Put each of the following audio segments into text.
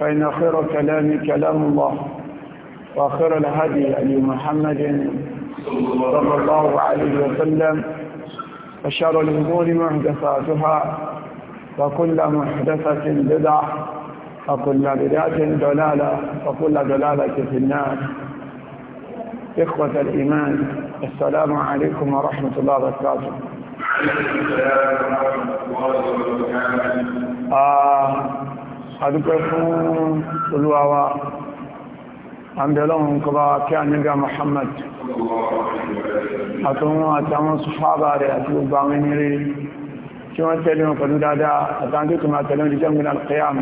فإن خير كلام كلام الله وخير الهدي أبي محمد صلى الله عليه وسلم وشر الأمور محدثاتها وكل محدثة بدعة وكل بدعة دلالة وكل دلالة في الناس إخوة الإيمان السلام عليكم ورحمة الله وبركاته آه adúpẹ́ fún olúwawa àbẹ̀lọ́run kọba kí a nígbà Muhammad àtọ́wọ́n àtàwọn sùfáàbà rẹ̀ àti gbogbo àwọn ẹnire tí wọ́n tẹ̀lé wọn pẹ̀lú dáadáa àtàwọn tó túnmà tẹ̀lé ìjẹ́ mìíràn alqiyam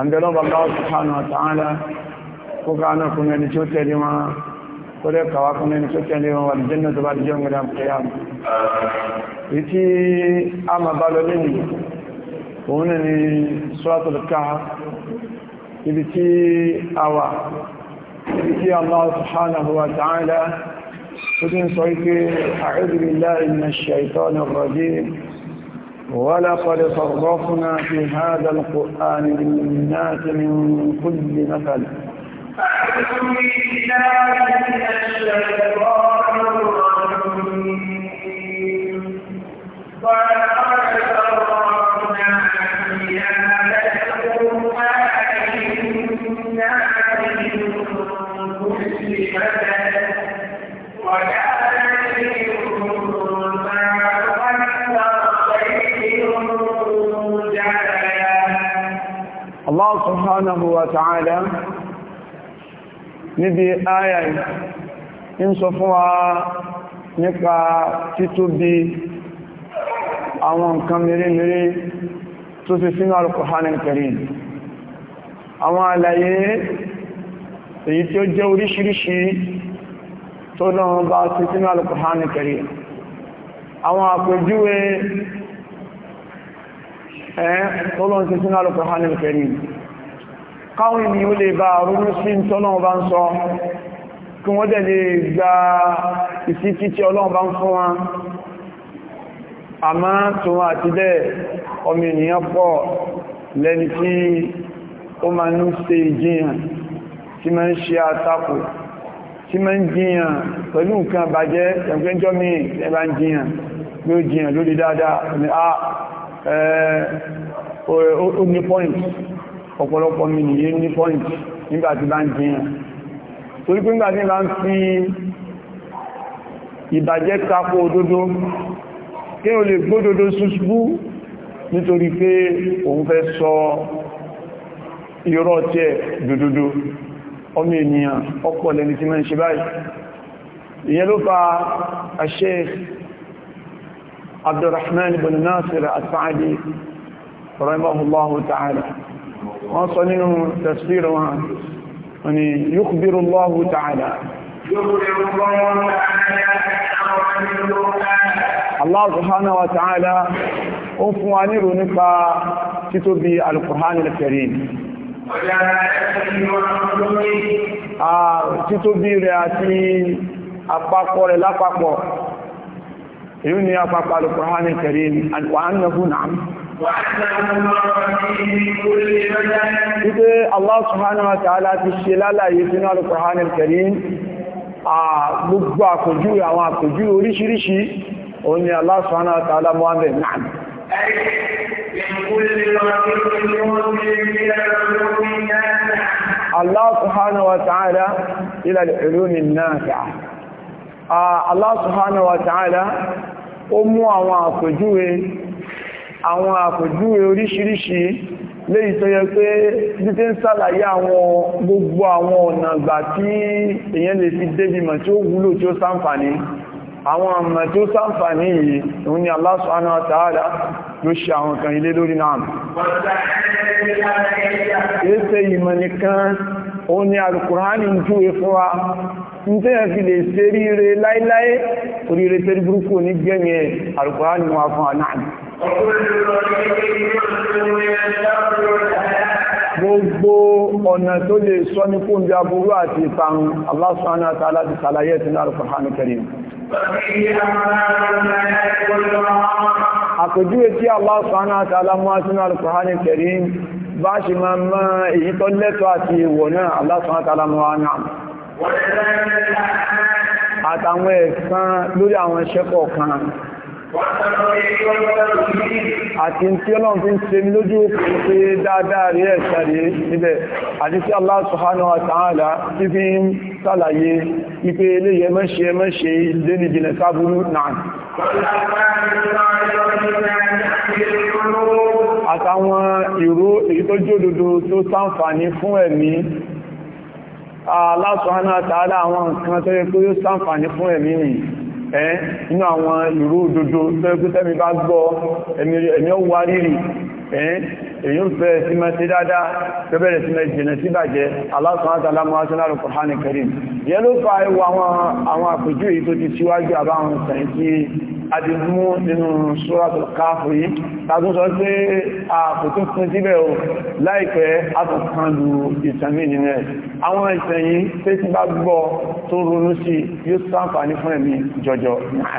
àbẹ̀lọ́run bàbá subhanahu wa òun náà ni suratul Kahf ibi tí a wà ibi tí Allah subhanahu wa ta'ala tó tí ń sọ ike a'udhu billahi minash shaitanir rajim ولقد صرفنا في هذا القرآن للناس كل مثل subhanahu wa ta'ala níbi ayà ń sọ fún wa nípa títóbi àwọn nǹkan mèremère tó fi sínú al-Qur'an al-Karim àwọn àlàyé èyí tí ó jẹ́ oríṣiríṣi tó náà bá ti sínú al-Qur'an àwọn àpèjúwe ẹ́ tó lọ́n ti sínú al-Qur'an káwọn ni ó lè bá ronú sí tọ́lọ́wọ́ bá ń sọ kí wọ́n dẹ̀ lè gba ìsìtí tí ọlọ́wọ́ bá ń fún wọn àmá tó wọ́n àti dẹ́ ọmọ ènìyàn pọ̀ lẹ́ni tí ó ma ń ṣe ìjìyàn tí ma ń ṣe àtakò tí ma ń jìyàn pẹ̀lú nǹkan bàjẹ́ ẹgbẹ́jọ́ mi ẹbá ń jìyàn ló jìyàn point ọ̀pọ̀lọpọ̀ mi nìyé ní point nígbà tí bá ń jiyàn torí pé nígbà tí bá ń fi ìbàjẹ́ tako òdodo kí o lè gbódodo ṣúṣbú nítorí pé òun fẹ́ sọ irọ́ tẹ́ dòdòdó ọmọ ènìyàn ọ̀pọ̀ lẹni tí mẹ́ ṣe báyìí ìyẹn ló fa Sheikh Abdurrahman ibn Nasir as-Sa'di rahimahullahu ta'ala wọ́n sọ nínú tafsir wọn wọ́n ni yukbiru Allahu ta'ala Allah subhanahu wa ta'ala ó fún wa nírò nípa títóbi al-Qur'an al-Karim títóbi rẹ̀ àti àpapọ̀ rẹ̀ lápapọ̀ èyí ni àpapọ̀ al-Qur'an al-Karim wa Wípé Allah Subhanahu wa ta'ala ti ṣe lálàyé sínú Al-Qur'an Al-Karim, a gbogbo àkójú àwọn àkójú oríṣiríṣi, òun ni Allah Subhanahu wa ta'ala Muhammad Na'am. Allah Subhanahu wa ta'ala ila al-ulumi Allah Subhanahu wa ta'ala ó mú àwọn àkójúwe àwọn àpèjúwe oríṣiríṣi léyìí tó yẹ pé títí ń sàlàyé àwọn gbogbo àwọn ọ̀nà àgbà tí èyàn lè fi débi mọ̀ tí ó wúlò tí ó ṣàǹfààní àwọn ọmọ tí ó ṣàǹfààní yìí òun ni Allah subhanahu fi lè ṣe ríire láíláí oríire tẹ́rí burúkú ní gẹ́mìí alùkùránì wà fún ànáàdì Gbogbo ọ̀nà tó lè sọ ní kó ń bí aburú àti ìparun, Allah subhanahu wa ta'ala ti ṣàlàyé ẹ̀tì náà Al-Qur'an Karim. Àpèjúwe tí Allah subhanahu wa ta'ala mú àti náà Al-Qur'an Karim bá ṣe máa mọ́ èyí tó lẹ́tọ́ àti ìwọ̀ náà Allah subhanahu wa ta'ala mú wa náà àtàwọn ẹ̀san lórí àwọn iṣẹ́ kọ̀ọ̀kan àti tí ọlọ́run fi ń ṣe ní lójú òkú pé dáadáa rí ẹ̀ṣà rí níbẹ̀ àti tí Allah subhanahu wa ta'ala tí fi ń sàlàyé ipé eléyẹ mẹ́ṣe mẹ́ṣe ilé ní jìnà sáàbúrú náà àtàwọn ìró àwọn nǹkan tó yẹ pé ó ṣàǹfààní fún ẹ̀mí nìyí inú àwọn ìró òdodo tẹ́gbẹ́tẹ́mi bá gbọ́ ẹ̀mí ọwọ́ rírì èyí ń fẹ́ sí mẹ́sí dáadáa tó bẹ̀rẹ̀ sí mẹ́sí jẹ́nà sí bàjẹ́ Allah subhanahu wa ta'ala aṣọ́láàrù Qur'an Karim yẹ ló fa ẹwà àwọn àpèjú èyí tó ti síwájú àbáhùn sàn tí a ti mú nínú Suratul Kahf yìí tàbí sọ pé àpòtún fún síbẹ̀ o láìpẹ́ àtọ̀kanlù ìsànmì nínú ẹ̀ àwọn ìsẹ̀yìn tó ti bá gbọ́ tó ronú sí yóò ṣàǹfààní fún ẹ̀mí jọjọ náà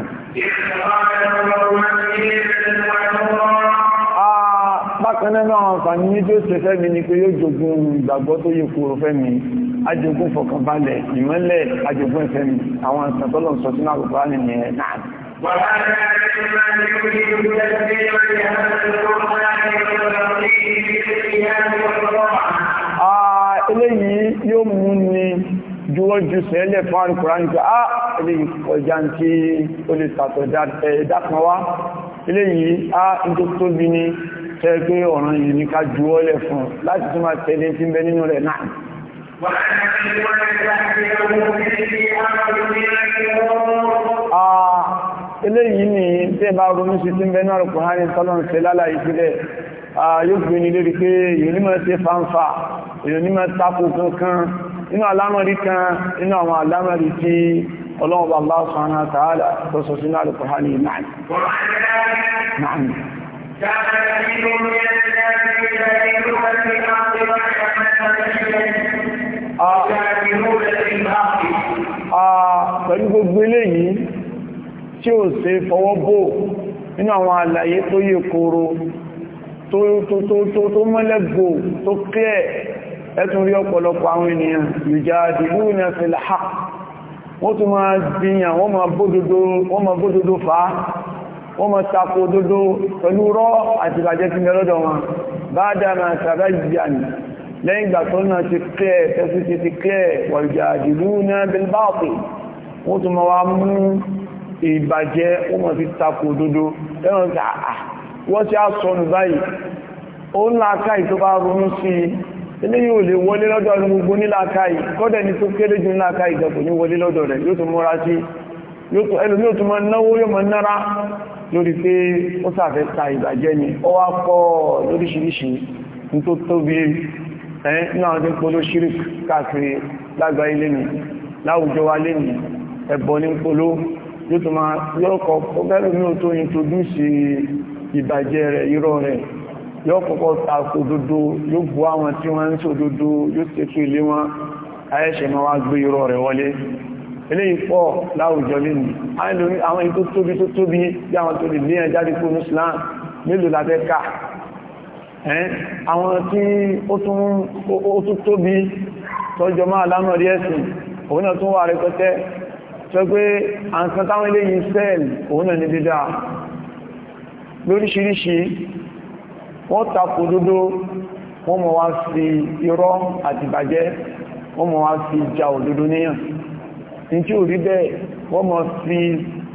bákan nínú àwọn àǹfààní ní tí ó ṣe fẹ́mi ni pé yóò jogun ìgbàgbọ́ tó yẹ kúrò fẹ́mi ajogun fọkànbalẹ̀ ìmọ́lẹ̀ ajogun ìfẹ́mi àwọn ìsàntọ́lọ̀ sọ sínú àkùkọ nìyẹn náà eléyìí yóò mú ni juwọ́jú sẹ́lẹ̀ fún àrùkùnrin pé ah, tí ó lè sàtọ̀ ẹ̀dá kan wá eléyìí á ah, ń tó tóbi ni tẹ́ pé ọ̀ràn yìí ní ká ju ọlẹ̀ fún láti tún máa tẹ̀lé tí ń bẹ nínú rẹ̀ náà eléyìí ni tí ẹ bá ronú sí tí ń bẹ náà kùnrin ní tọ́lọ́run ṣe lálàyé sílẹ̀ yóò gbé ní lérí pé èyàn ní mọ́ ṣe fàǹfà èyàn ní mọ́ tako kankan inú alámọ̀rí kan inú àwọn alámọ̀rí tí ọlọ́run bàbá sọ́nà tààlà tó sọ sínú alùkùnrin náà Pẹ̀lú gbogbo eléyìí tí ó ṣe fọwọ́ bò nínú àwọn àlàyé tó yẹ kòrò tó mọ́lẹ́gbò tó kíẹ̀ ẹ̀tún rí ọ̀pọ̀lọpọ̀ àwọn ènìyàn yujadiluna fil haqq wọ́n tún máa dìyàn wọ́n máa bódodo fàá wọ́n mọ̀ sàkó òdodo pẹ̀lú rọ́ àti ìbàjẹ́ ti mẹ́lọ́dọ̀ wọn bá dára sàrá ìyàn lẹ́yìn ìgbà tó náà ti kẹ́ tẹ́sí ti ti kẹ́ wọ̀jà ìlú náà bilbáàpì wọ́n tún mọ́ wá mú ìbàjẹ́ wọ́n mọ̀ sí sàkó òdodo lẹ́wọ̀n sí àà wọ́n ti á sọnù báyìí ó ń làákàyè tó bá ronú sí i eléyìí ò yóò tún múra sí ẹlòmí ò náwó yóò mọ́ nára lórí pé ó sàfẹ́ ta ìbàjẹ́ ni ó wá pọ̀ lóríṣìíríṣìí ní tó tóbi ẹ́ ní àwọn tí ń polo ṣírí káàkiri lágbà ilé mi láwùjọ wa lé mi ẹ̀bọ̀ ní polo yóò tó máa yọ́kọ̀ ọgbẹ́rù ní òtó introduce ìbàjẹ́ rẹ̀ irọ́ rẹ̀ yóò kọ́kọ́ ta òdodo yóò bú àwọn tí wọ́n ń ṣòdodo eléyìí pọ̀ láwùjọ lẹ́nu àwọn èyí tó tóbi tó tóbi bí àwọn tó lè ní ẹjáde fún Islam mélòó lábẹ́ ká àwọn tí ó tún tóbi tọ́jọ máa lánà rí ẹ̀sìn òun náà tún wà rẹpẹtẹ sọ pé àǹkan táwọn eléyìí sẹ́ẹ̀lì òun náà ní dídá lóríṣiríṣi wọ́n tako dúdó wọ́n mọ̀ wá sí irọ́ àti bàjẹ́ wọ́n mọ̀ wá sí ìjà òdodo níyàn ní tí ò rí bẹ́ẹ̀ wọ́n mọ̀ fi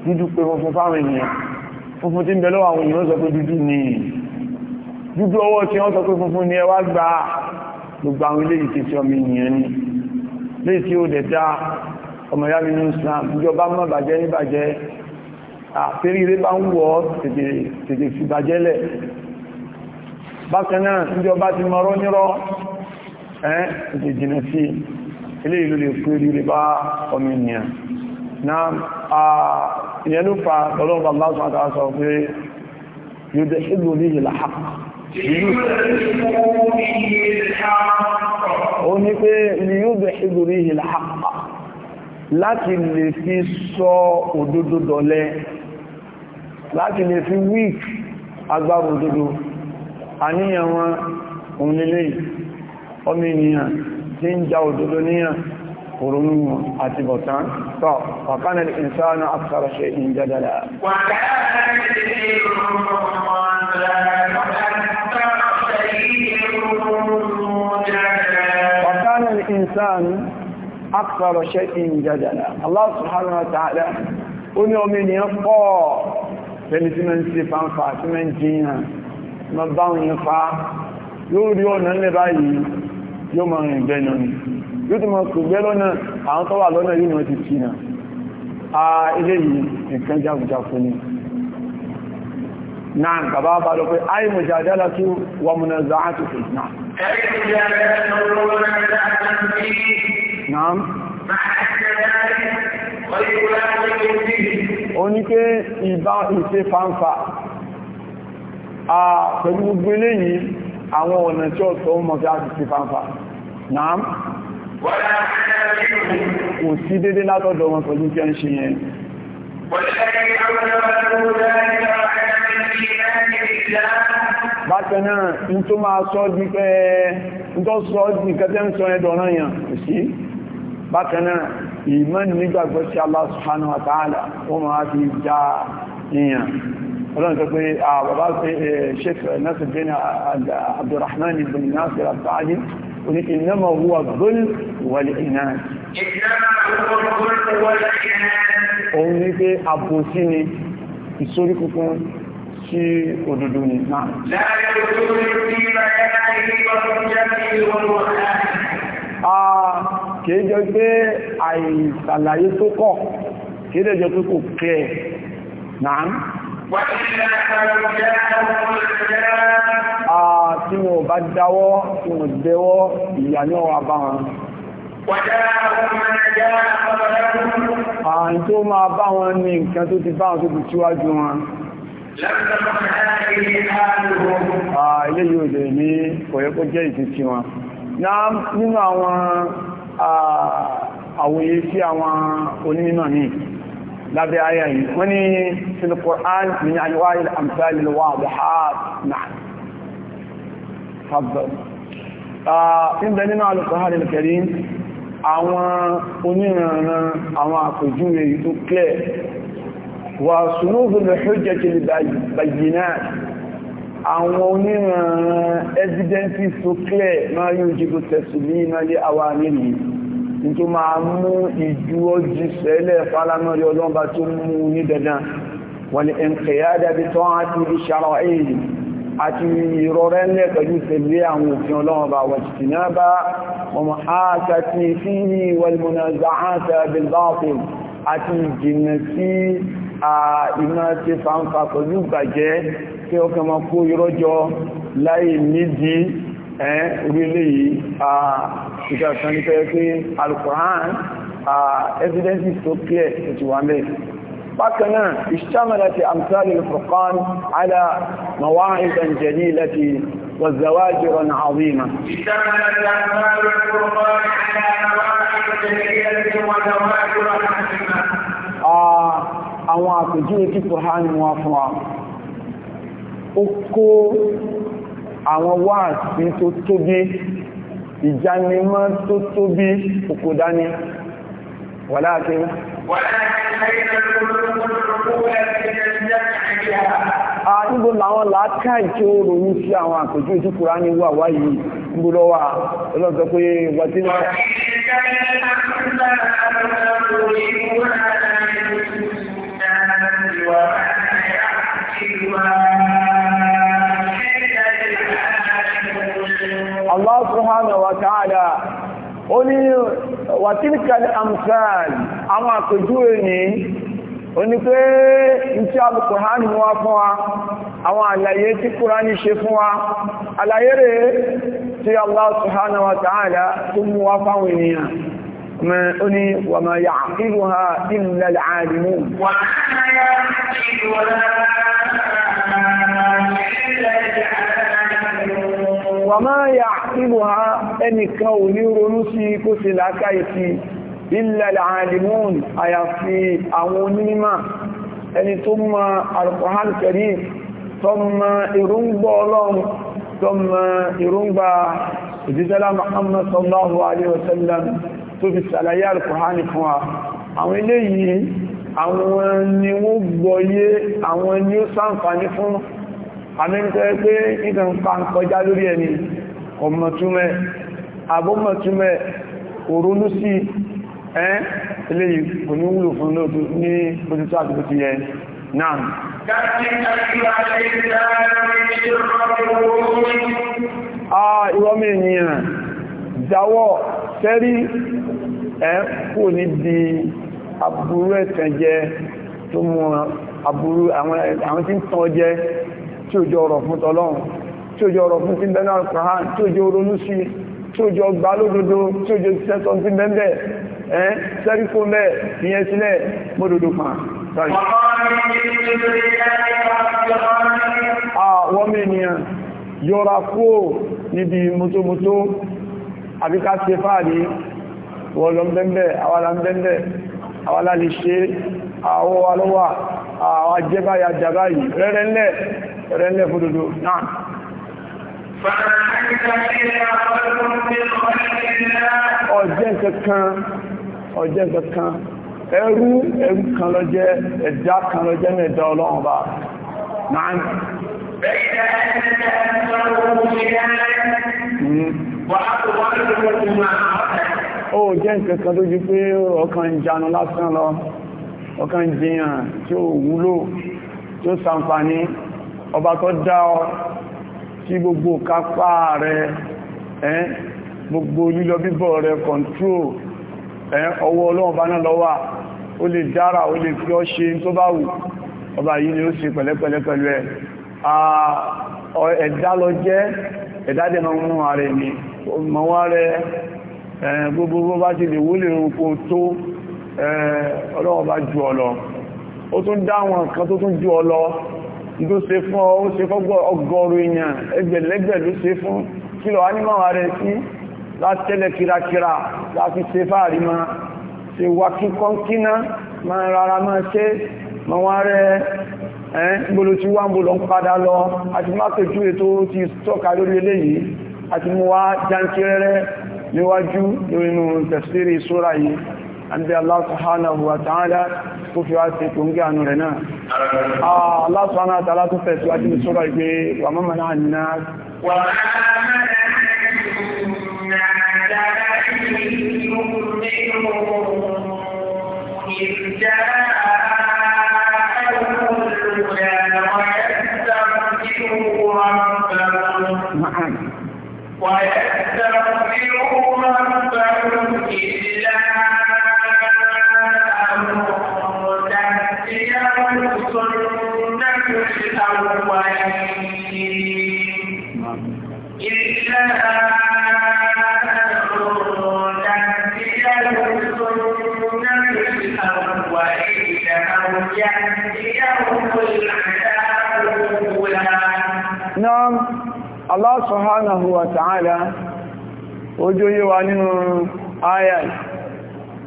dúdú pé funfun fáwọn ènìyàn funfun tí ń bẹ àwọn èèyàn sọ pé dúdú ni dúdú ọwọ́ tí wọ́n sọ pé funfun ni ẹ wá gba gbogbo àwọn ilé ìkẹsí ọmọ ènìyàn ni léè tí ó dẹ̀ dá ọmọ ìyá nínú Islam ìjọba mọ́ bàjẹ́ ní bàjẹ́ àfẹ́rí ilé bá ń wọ́ tètè ilé ìlú lè fún orí bá ọmọ ènìyàn na ìyẹn ló fa ọlọ́pàá lásán àtàrà sọ pé yóò dẹ̀ ìlú orí ìlà ó ní pé yóò dẹ̀ ìlú orí ìlà láti lè fi sọ òdodo dọ̀lẹ láti lè fi wík agbára òdodo àníyàn wọn òun lélẹ́yìn ọmọ ènìyàn tí ń já òdòdó níyàn òrùnmù àti bọ̀tán tọ́ wàkánà ìsáànà àkàràṣẹ́ ìjádàlá wàkánà ìsáànà àkàràṣẹ́ ìjádàlá Allah subhanahu wa ta'ala ó ní omi ni pọ̀ pẹ̀lú tí mẹ́rin sí fanfà tí mẹ́rin jíyàn ma báwọn yẹn fa lórí ọ̀nà lẹ́bàá yìí yóò máa rìn bẹ́ẹ̀ náà ni yóò tó máa kò gbẹ́ lọ́nà àwọn tó wà lọ́nà yìí náà ti kí náà a ilé yìí nǹkan jágunjáfún ni náà bàbá bá lọ pé ayé mọ̀ jàdálà tó wà múnà záà tó fẹ̀ náà ó ní pé ìbá ìṣe fáńfà pẹ̀lú gbogbo eléyìí àwọn ọ̀nà tí ọ̀tọ̀ ó mọ̀ fi àti ti fàǹfà náà kò sí dédé látọ̀dọ̀ wọn pẹ̀lú tí ẹ ń ṣe yẹn bákan náà ní tó máa sọ di pé ní tó sọ di kẹtẹ́ ń sọ Allah subhanahu wa ta'ala wọ́n máa fi ọlọ́run tó pé àbàbá sheikh nasiruddin abdulrahman ibn nasir al-sa'di oní ìnáma huwa gol wal inan òun ní pé àbòsí ni ìsorí kúkún sí òdòdó ni náà kìí jọ pé àìsàlàyé tó kọ̀ kìí jọ pé kò kẹ́ náà Tí wọn bá dáwọ́, tí wọn dẹwọ́, ìyà ní ọwà bá wọn. Ààrín tó máa bá wọn ní nǹkan tó ti bá wọn tó ti tíwájú wọn. Ilé yóò lè ní kọ̀yẹ́ kó jẹ́ ìtìtì wọn. Nínú àwọn àwòyé sí àwọn onímọ̀ míì lábẹ́ ayé yìí wọ́n ní fil-Qur'an min anwa' al-amthal al-wadihat náà fàbọ̀ ìbẹ̀ nínú al-Qur'an al-Karim àwọn oníranran àwọn àpèjúwe tó clẹ̀ wà sùnúhùn al-hujjati al àwọn oníranran evidences tó clẹ̀ máa yóò jígbó tẹ̀sùlí máa lé àwọn àmì tó máa mú ìdúró jíṣẹ́lẹ̀ fálámọ́rí ọlọ́mbà tó mú ní dandan wọ́n ni ẹnkẹ̀yádà bí tán àti ìṣàrọ̀ èyí àti ìrọ̀rẹ́ ńlẹ̀ pẹ̀lú tẹ̀lé àwọn òfin ọlọ́mbà wọ́n ti ìgbẹ̀lẹ́yìn ìgbẹ̀lẹ́yìn بكنا اشتملت امثال الفرقان على مواعظ جليلة وزواجر عظيمة اشتملت امثال الفرقان على مواعظ جليلة وزواجر عظيمة اه اوعى تجيء في àwọn wáàsí tó tóbi ìjánimọ́ tó tóbi kòkò dání wàláàkín Àgbò làwọn làákà ìkí ní sí àwọn àpèjú tí kùrá ní wà wáyìí gbúrọ wà pé wà tí Allah subhanahu wa ta'ala ó ní wàtílkà amsal àwọn àpèjúwe ní ó ní pé n tí al-Qur'an mú wá fún wa àwọn àlàyé tí Kùránì ṣe fún wa àlàyé rẹ̀ tí Allah subhanahu wa ta'ala tó mú wá fáwọn ènìyàn ما وما يعقلها إلا العالمون وما يعقلها إلا العالمون wà máa yà nínú ha ẹnìkan ò ní ronú sí kó ṣe láká ìfi ilẹ̀ àdìmún àyàfi àwọn onímọ̀ ẹni tó mọ alkùnhàn kẹrí tó mọ ìrúngbọ́ ọlọ́run tó mọ ìrúngbà ìdíjẹ́lá Muhammad sallallahu alaihi wasallam àmẹ́ntọ́ pé nǹkan pa ń kọjá lórí ẹni ọmọtúmẹ́ àbọ́mọtúmẹ́ òrónú sí ẹ́ ilé kò ní wúlò fún lóòtú ní òtútù àti òtú yẹ náà ìwọ́mí ènìyàn jáwọ́ sẹ́rí ẹ́ kò ní di aburú ẹ̀tẹ̀jẹ tó mú aburú àwọn tí ń tán jẹ́ tí ó jọ ọ̀rọ̀ fún tọ́lọ́run tí ó jọ ọ̀rọ̀ fún ti bẹ́nà alkùnrán tí ó jọ ronú sí tí ó jọ gbá lódodo tí ó jọ sẹ́sọ sí bẹ́ẹ̀ ẹ́ sẹ́ríkó mẹ́ ìyẹn sílẹ̀ mọ́dodo pa àwọn ènìyàn yọra kó níbi mọ́tòmọ́tò àbíká ṣe fáàrí wọ́n lọ bẹ́ẹ̀ àwàlá bẹ́ẹ̀ àwàlá lè ẹ̀rẹ́ ńlẹ̀ fún dodo náà ọjẹ́ kankan ọjẹ́ kankan ẹrú ẹrú kan lọ jẹ́ ẹ̀dá kan lọ jẹ́ mẹ́ta ọlọ́run bá náà ó jẹ́ kankan tó jú pé ọkàn ìjánu lásán lọ ọkàn jìyàn tí ó wúlò tí ó ṣàǹfààní ọba tó dá ọ tí gbogbo kápá rẹ ẹ́n gbogbo lílọ bíbọ̀ rẹ kọ̀ntró ẹ́n ọwọ́ ọlọ́ọ̀bá náà lọ́wà ó lè dára ó lè fi ọ́ ṣe tó bá wù ọba yìí ni ó ṣe pẹ̀lẹ́pẹ̀lẹ́ pẹ̀lú ẹ̀ ẹ̀dá lọ jẹ́ ẹ̀dádẹ̀nà ọmọ ààrẹ ni mọ̀wá rẹ bá ti ọ lọ ó tún dá àwọn nǹkan tó tún ju ọ lọ ló ṣe fún ọ ó ṣe fọ́gbọ́ ọgọ́rùn èèyàn ẹgbẹ̀lẹ́gbẹ̀ ló ṣe fún kí lọ ánímọ̀wà rẹ̀ sí látẹ́lẹ̀ kìrakìra láti ṣe fáàrí ma ṣe wà kí kọ́ńkínà ma rárá ma ṣe ma wá rẹ̀ ẹ́ gbolo tí wá عند الله سبحانه وتعالى كفوا عنكم جانورنا الله سبحانه وتعالى كفوا عنكم سورة وما منع الناس وما ويستغفروا من فهم Allah subhanahu wa ta'ala ojú yí wa nínú ayà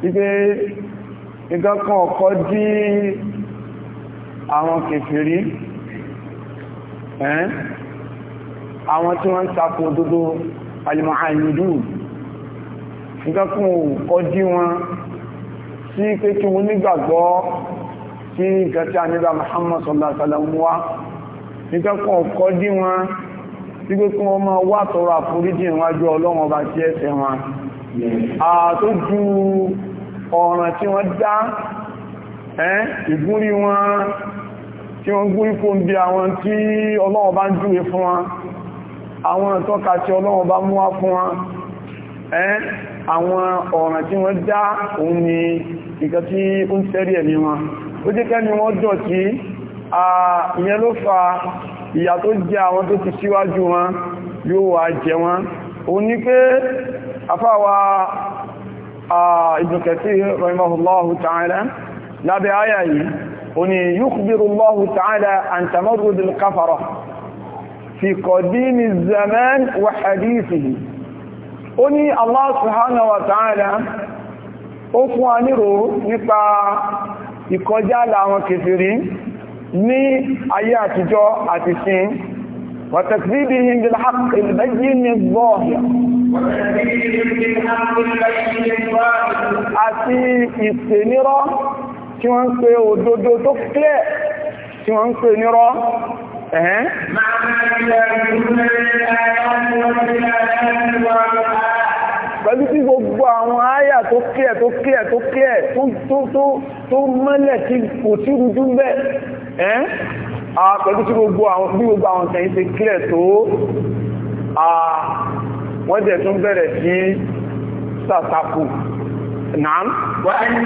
ipé ìgbẹ́kan ọ̀kọ́ dí àwọn kèfèrí ẹ́n àwọn tí wọ́n ń sapò òdodo alìmọ̀hànìdú ìgbẹ́kan ọ̀kọ́ dí wọn sí pé kí wọ́n nígbàgbọ́ sí ìgbẹ́tí àníbà Muhammad sallallahu alaihi wasallam wá ìgbẹ́kan ọ̀kọ́ dí wọn sí pé kí wọ́n máa wá tọrọ àforíjì ìwájú ọlọ́run ọba tí ẹsẹ̀ wọn àtó ju ọ̀ràn tí wọ́n dá ìgúnrí wọn tí wọ́n gúnrí fún bí àwọn tí ọlọ́run bá ń júwe fún wọn àwọn ìtọ́ka tí ọlọ́run bá mú wá fún wọn àwọn ọ̀ràn tí wọ́n dá òun ni nǹkan tí ó ń tẹ́rí ẹ̀mí wọn ó jẹ́ kẹ́ni wọ́n dọ̀ tí ìyẹn ló fa ìyà tó jẹ àwọn tó ti síwájú wọn yóò wà jẹ wọn o ní pé afáwa Ibn Kathir rahimahullahu ta'ala lábẹ́ àyà yìí o ní yukhbirullahu ta'ala an tamarrudil kafara fi qadimi zaman wa hadithihi ó ní Allah subhanahu wa ta'ala ó fún wa nípa ìkọjá àwọn kèfèrí ní ayé àtijọ́ àti sin وتكذيبهم بالحق البين الظاهر àti ìsẹ̀nirọ́ tí wọ́n ń pè òdodo tó kílẹ̀ tí wọ́n ń pè nírọ́ ẹ̀hẹ́n pẹ̀lú tí gbogbo àwọn áyà tó kílẹ̀ tó kílẹ̀ tó kílẹ̀ tó mọ́lẹ̀ tí kò tí rújú bẹ́ẹ̀ ẹ́n pẹ̀lú tí gbogbo àwọn tẹ̀yìn ti clear tó wọ́n jẹ́ tún bẹ̀rẹ̀ sí sàtàkù نعم وأنه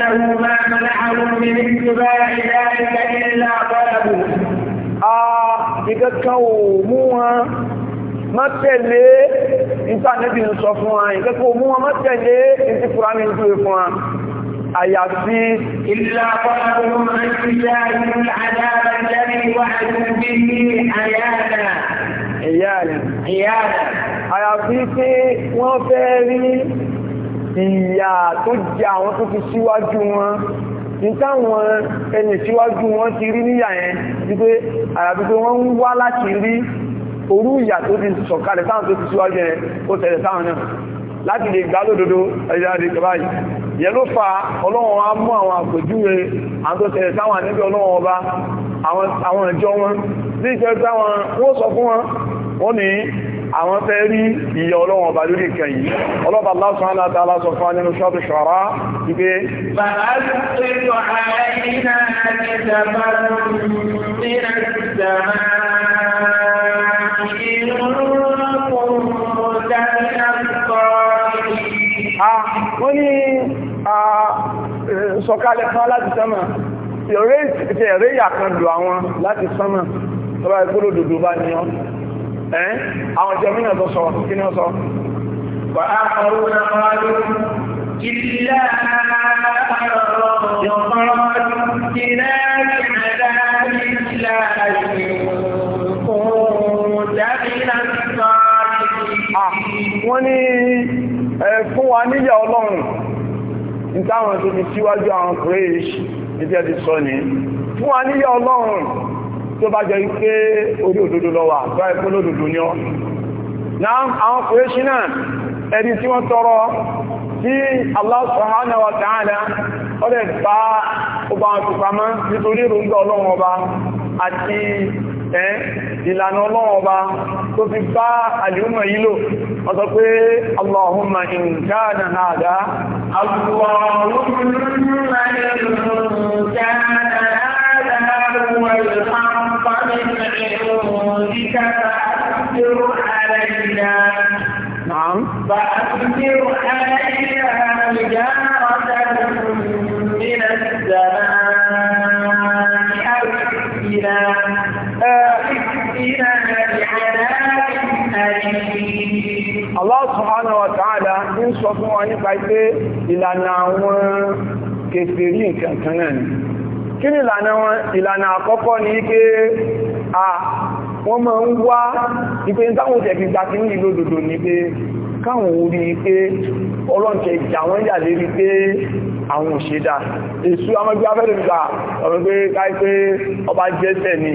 ما منعهم من اتباع ذلك إلا طلبوا ìkẹ́kẹ́ ò mú wọn má tẹ̀lé ìtànẹ́bì ń sọ fún wa ìkẹ́kẹ́ ò mú wọn má tẹ̀lé ìtìkùrá ní ìjú ìfún wa àyàfi ilá fọ́nàbọ̀ máa ti yá ìlú àdáàbàjáde wà níbi ní àyàdà ìyáàdà àyàfi tí wọ́n fẹ́ rí ìyà tó jẹ àwọn tó fi síwájú wọn ní táwọn ẹni síwájú wọn ti rí níyà yẹn wípé àyàfi pé wọ́n ń wá láti rí orú ìyà tó ti sọ̀kalẹ̀ táwọn tó ti síwájú yẹn ó tẹ̀lẹ̀ táwọn náà láti lè gbá lódodo ẹ̀yà àdìgbà yìí yẹ ló fa ọlọ́run á mú àwọn àpèjúwe àtọ́tẹ̀ẹ̀ táwọn àníbí ọlọ́run ọba àwọn ìjọ wọn ní ìṣẹ́ táwọn wọ́n sọ fún wọn wọ́n ní àwọn fẹ́ rí ìyà ọlọ́run ọba lórí ìkẹ yìí ọlọ́ba lásán aláta aláṣọ fún anínú ṣọ́bù ṣọ́rá wípé bàbá wọ́n ah, ní ah, eh, sọ̀kalẹ̀ fún láti sánmà ìrẹ́ ẹ̀rẹ́ ìyàkàndò àwọn láti sánmà tọ́bá ìgbóló dòdò bá ní ọ́ àwọn jẹ́ mínà tó sọ kí ní ó sọ wà wọ́n ní fún wa níyà ọlọ́run ìtàwọn tó ti síwájú àwọn kìrìṣì ní tẹ́ ti sọ ní fún wa níyà ọlọ́run tó bá jẹ́ pé orí òdodo lọ wà bá ẹkọ́ lódodo ní ọ ẹni tí wọ́n tọrọ tí Allah ọdẹ̀ bá ọba àtùpamọ́ nítorí ìrùndọ̀ ọlọ́run ọba àti ẹ́ ìlànà ọlọ́run ọba tó fi bá àlúmọ̀ yìí lò ọ̀sọ̀ pé Allahumma in kana hada Allahumma in pé ìlànà àwọn kèfèrí nǹkan kan náà ni kí ni ìlànà wọn ìlànà àkọ́kọ́ ni pé à wọ́n máa ń wá ìpé táwọn òṣè fi gba kí ní ìlú òdòdó ni pé káwọn orí pé ọlọ́ǹkẹ̀ ìjà wọ́n yà lérí pé àwọn òṣèdá èsù amẹ́gbẹ́ afẹ́lẹ́gbà ọ̀rọ̀ pé káì pé ọba jẹ́sẹ̀ ni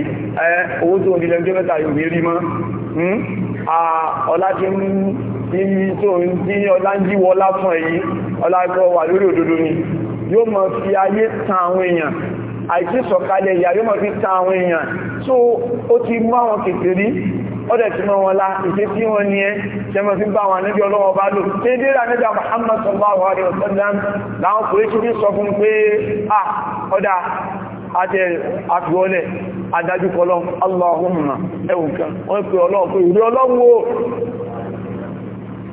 owó tó ń dilẹ̀ ibi tó ń dí ọlá ń jíwọ lásán èyí ọlágbọ́ wà lórí òdodo ni yóò mọ̀ fi ayé tan àwọn èèyàn àìsí sọ̀kalẹ̀ ìyà yóò mọ̀ fi tan àwọn èèyàn tó ó ti mú àwọn kèfèrí ọdẹ̀ tí mọ́ wọn lá ìṣẹ́ tí wọ́n ní ẹ́ ṣe mọ́ bá wọn níbi ọlọ́wọ́ bá lò tí dírà nígbà Muhammad sọ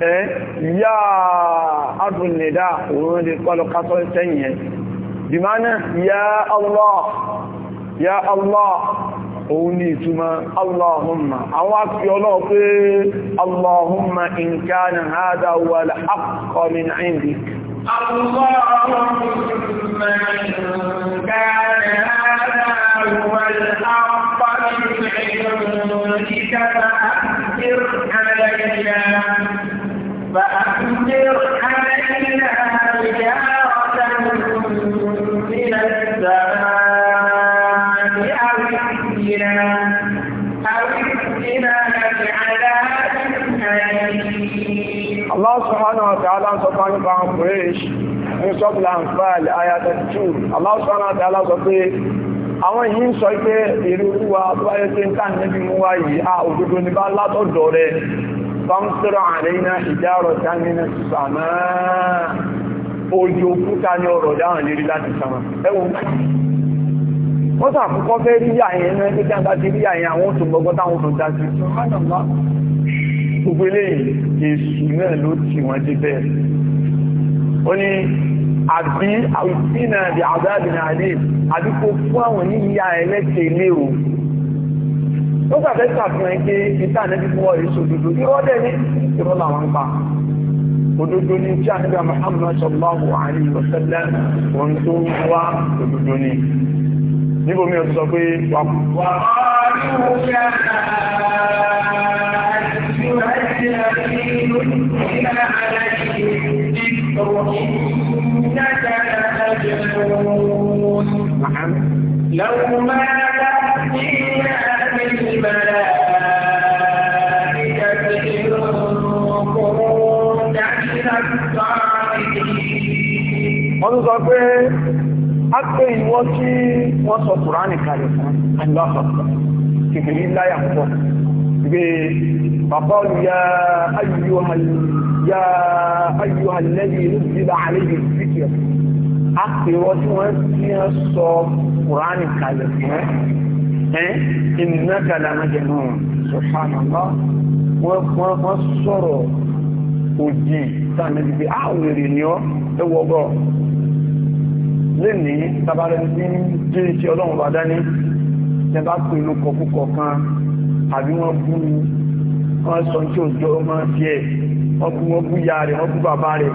ẹ́ yá abúnnidá òun lè pọ́lọ kásọ́ sẹ́yìn dìmánà yá Allah yá Allah òun ní ìtumọ̀ Allahumma àwọn akí ọlọ́ọ̀ pé Allahumma in kana hadha wal haqq min suratul Anfal aya 32 Allah subhanahu wa ta'ala sọ pé àwọn yìí ń sọ pé èrè olúwa tó báyé tí ń tàn níbi mú wá yìí a òdodo ní bá látọ̀dọ̀ rẹ̀ bámsọ́rọ̀ àrẹ́nà ìjárọ̀ tánínà sàmà òjò òkúta ní ọ̀rọ̀ dáhùn lérí láti sàmà ẹwọ́n wọ́n sàkúkọ́ fẹ́ rí àyẹn àbí àwùjínà àbí àdáàbìnà àdé àbí kò fún àwọn oníyà ẹlẹ́tẹ̀ ilé o ó gbàgbẹ́ sàfihàn pé ìta ànẹ́bí fún ọ̀rẹ́ sòdodo ìrọ́dẹ̀ ní ìrọ́ làwọn ń pa òdodo ní tí ànẹ́bí Muhammad sallallahu alaihi wa sallam òun tó wá òdodo ní níbo mi ò sọ pé wà wà Thank you. إنك لمجنون لو ما تأتينا بالملائكة إن كنت من الصالحين wọ́n sọ pé a pé ìwọ́n tí wọ́n sọ kùránì kalẹ̀ fún ẹ̀lọ́sọ̀tọ̀ kìkìrí láyà púpọ̀ فقالوا يا أيها يا أيها الذي نزل عليه الذكر àpèrọ tí wọ́n tí wọ́n sọ kùránì kalẹ̀ fún ẹ́ iná kalẹ̀ amájẹ̀nà sọ̀fánàlá wọ́n sọ̀rọ̀ òjì sáàmì pé àwèrè ni ọ́ ẹwọ́gọ́ lẹ́nìí tabarẹ́ ní jẹ́ iṣẹ́ ọlọ́run bàdá ní ẹbá pẹ̀lú kọkúkọ kan àbí wọ́n bú ní wọ́n sọ tí ó jọ máa fi ẹ̀ wọ́n bú wọ́n bú ya rẹ̀ wọ́n bú bàbá rẹ̀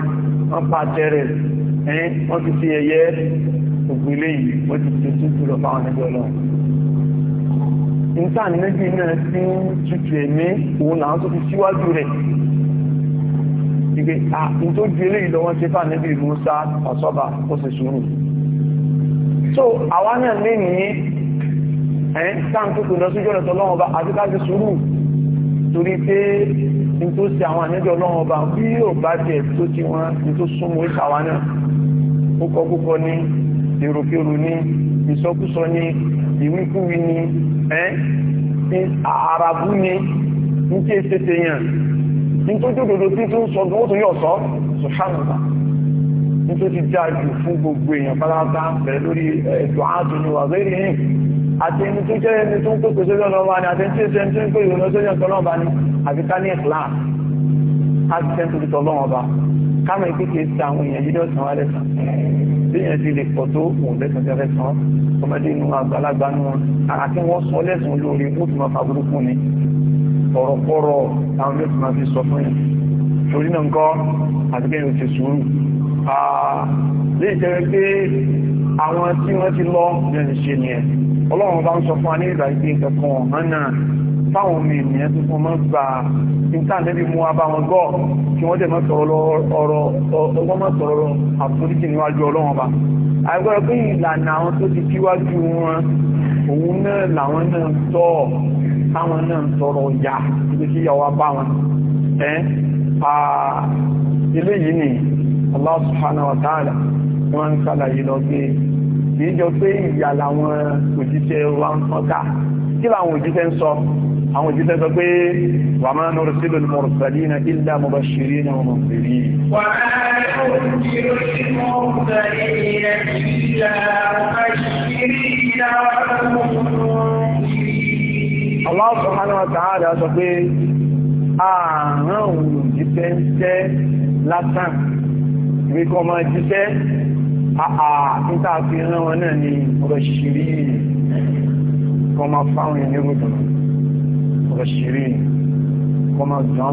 wọ́n pàtẹ rẹ̀ ẹ́ wọ́n ti fi ẹ̀yẹ ògùn ilé yìí wọ́n ti fi tútù lọ fáwọn ẹgbẹ́ ọlọ́run nǹkan méjì náà tí ń tutù ẹ̀mí òun làwọn tó fi síwájú rẹ̀ ìgbé àkùn tó ju eléyìí lọ wọ́n ṣe fà níbi ìlú sá ọ̀sọ́bà ó sì sùúrù so àwa náà lè nìyí ẹ̀ sáǹkùkù lọ sójú ọ̀nà tọ́lọ́wọ́ bá àti ká ti sùúrù torí pé n tó ṣe àwọn àníjọ ọlọ́wọ́ bá bí yóò bá jẹ tó ti wọn ní tó súnmọ́ ìṣàwá náà púpọ̀ púpọ̀ ní èròkèrò ní ìsọkúsọ ní ìwíkúwí ní ẹ́ àràbú ní ní tí èsè tèèyàn ní tó jòdòdó tí tó ń sọ gbogbo tó yọ̀ sọ ṣùṣàmùsà ní tó ti dájú fún gbogbo àti ẹni tó jẹ́ ẹni tó ń pèpè sójú ọ̀nà ọba ni àti ẹni tí ó ń pè ìrònú sójú ọ̀nà ọba ni àti ká ní ìkìlá láti tẹ́ntì tó tọ́lọ́ ọba káàmù ìpínlẹ̀ sí àwọn èèyàn yìí lọ́sàn án lẹ́sàn bí èèyàn ti lè pọ̀ tó òun lẹ́sàn jẹ́ lẹ́sàn ọmọdé inú àgbàlagbà nù wọn ara tí wọ́n sọ lẹ́sàn lórí ó ti máa fa burúkú ni ọ̀rọ̀kọ́rọ̀ àwọn yóò ti àti kéèyàn ti àwọn tí wọ́n ti lọ lẹ́nu ṣe ni ẹ̀ ọlọ́run bá ń sọ fún wa ní ìgbà ìgbé kankan náà fáwọn ọmọ ènìyàn tó fún ọmọ gbà ìtànẹ́bí mú wa bá kí wọ́n dẹ̀ mọ́ sọ̀rọ̀ níwájú ọlọ́run ọba àgbẹ̀rẹ̀ pé ìlànà àwọn tó ti kíwájú wọn òun náà làwọn náà tọ́ táwọn náà sọ̀rọ̀ ìyá ibi tí ìyàwó bá wọn ẹ́ ni Allah subhanahu wa ta'ala wọ́n ń ṣàlàyé lọ pé kì í jọ pé ìyà làwọn òjíṣẹ́ wa ń tán ká kí làwọn òjíṣẹ́ ń sọ àwọn òjíṣẹ́ sọ pé wà máa nọrọ sílò ní mọ̀rọ̀ sàlí na ilá mọ̀ bá ṣeré na mọ̀ sèrí Allah subhanahu wa ta'ala sọ pé ààrùn òjíṣẹ́ ń tẹ́ lásán ìwé kọ́ máa jíṣẹ́ àà fi rán wọn náà ni ọ̀rọ̀ ṣìṣìrí kọ́ fáwọn èèyàn nírùdùn ọ̀rọ̀ ṣìṣìrí kọ́ máa jọ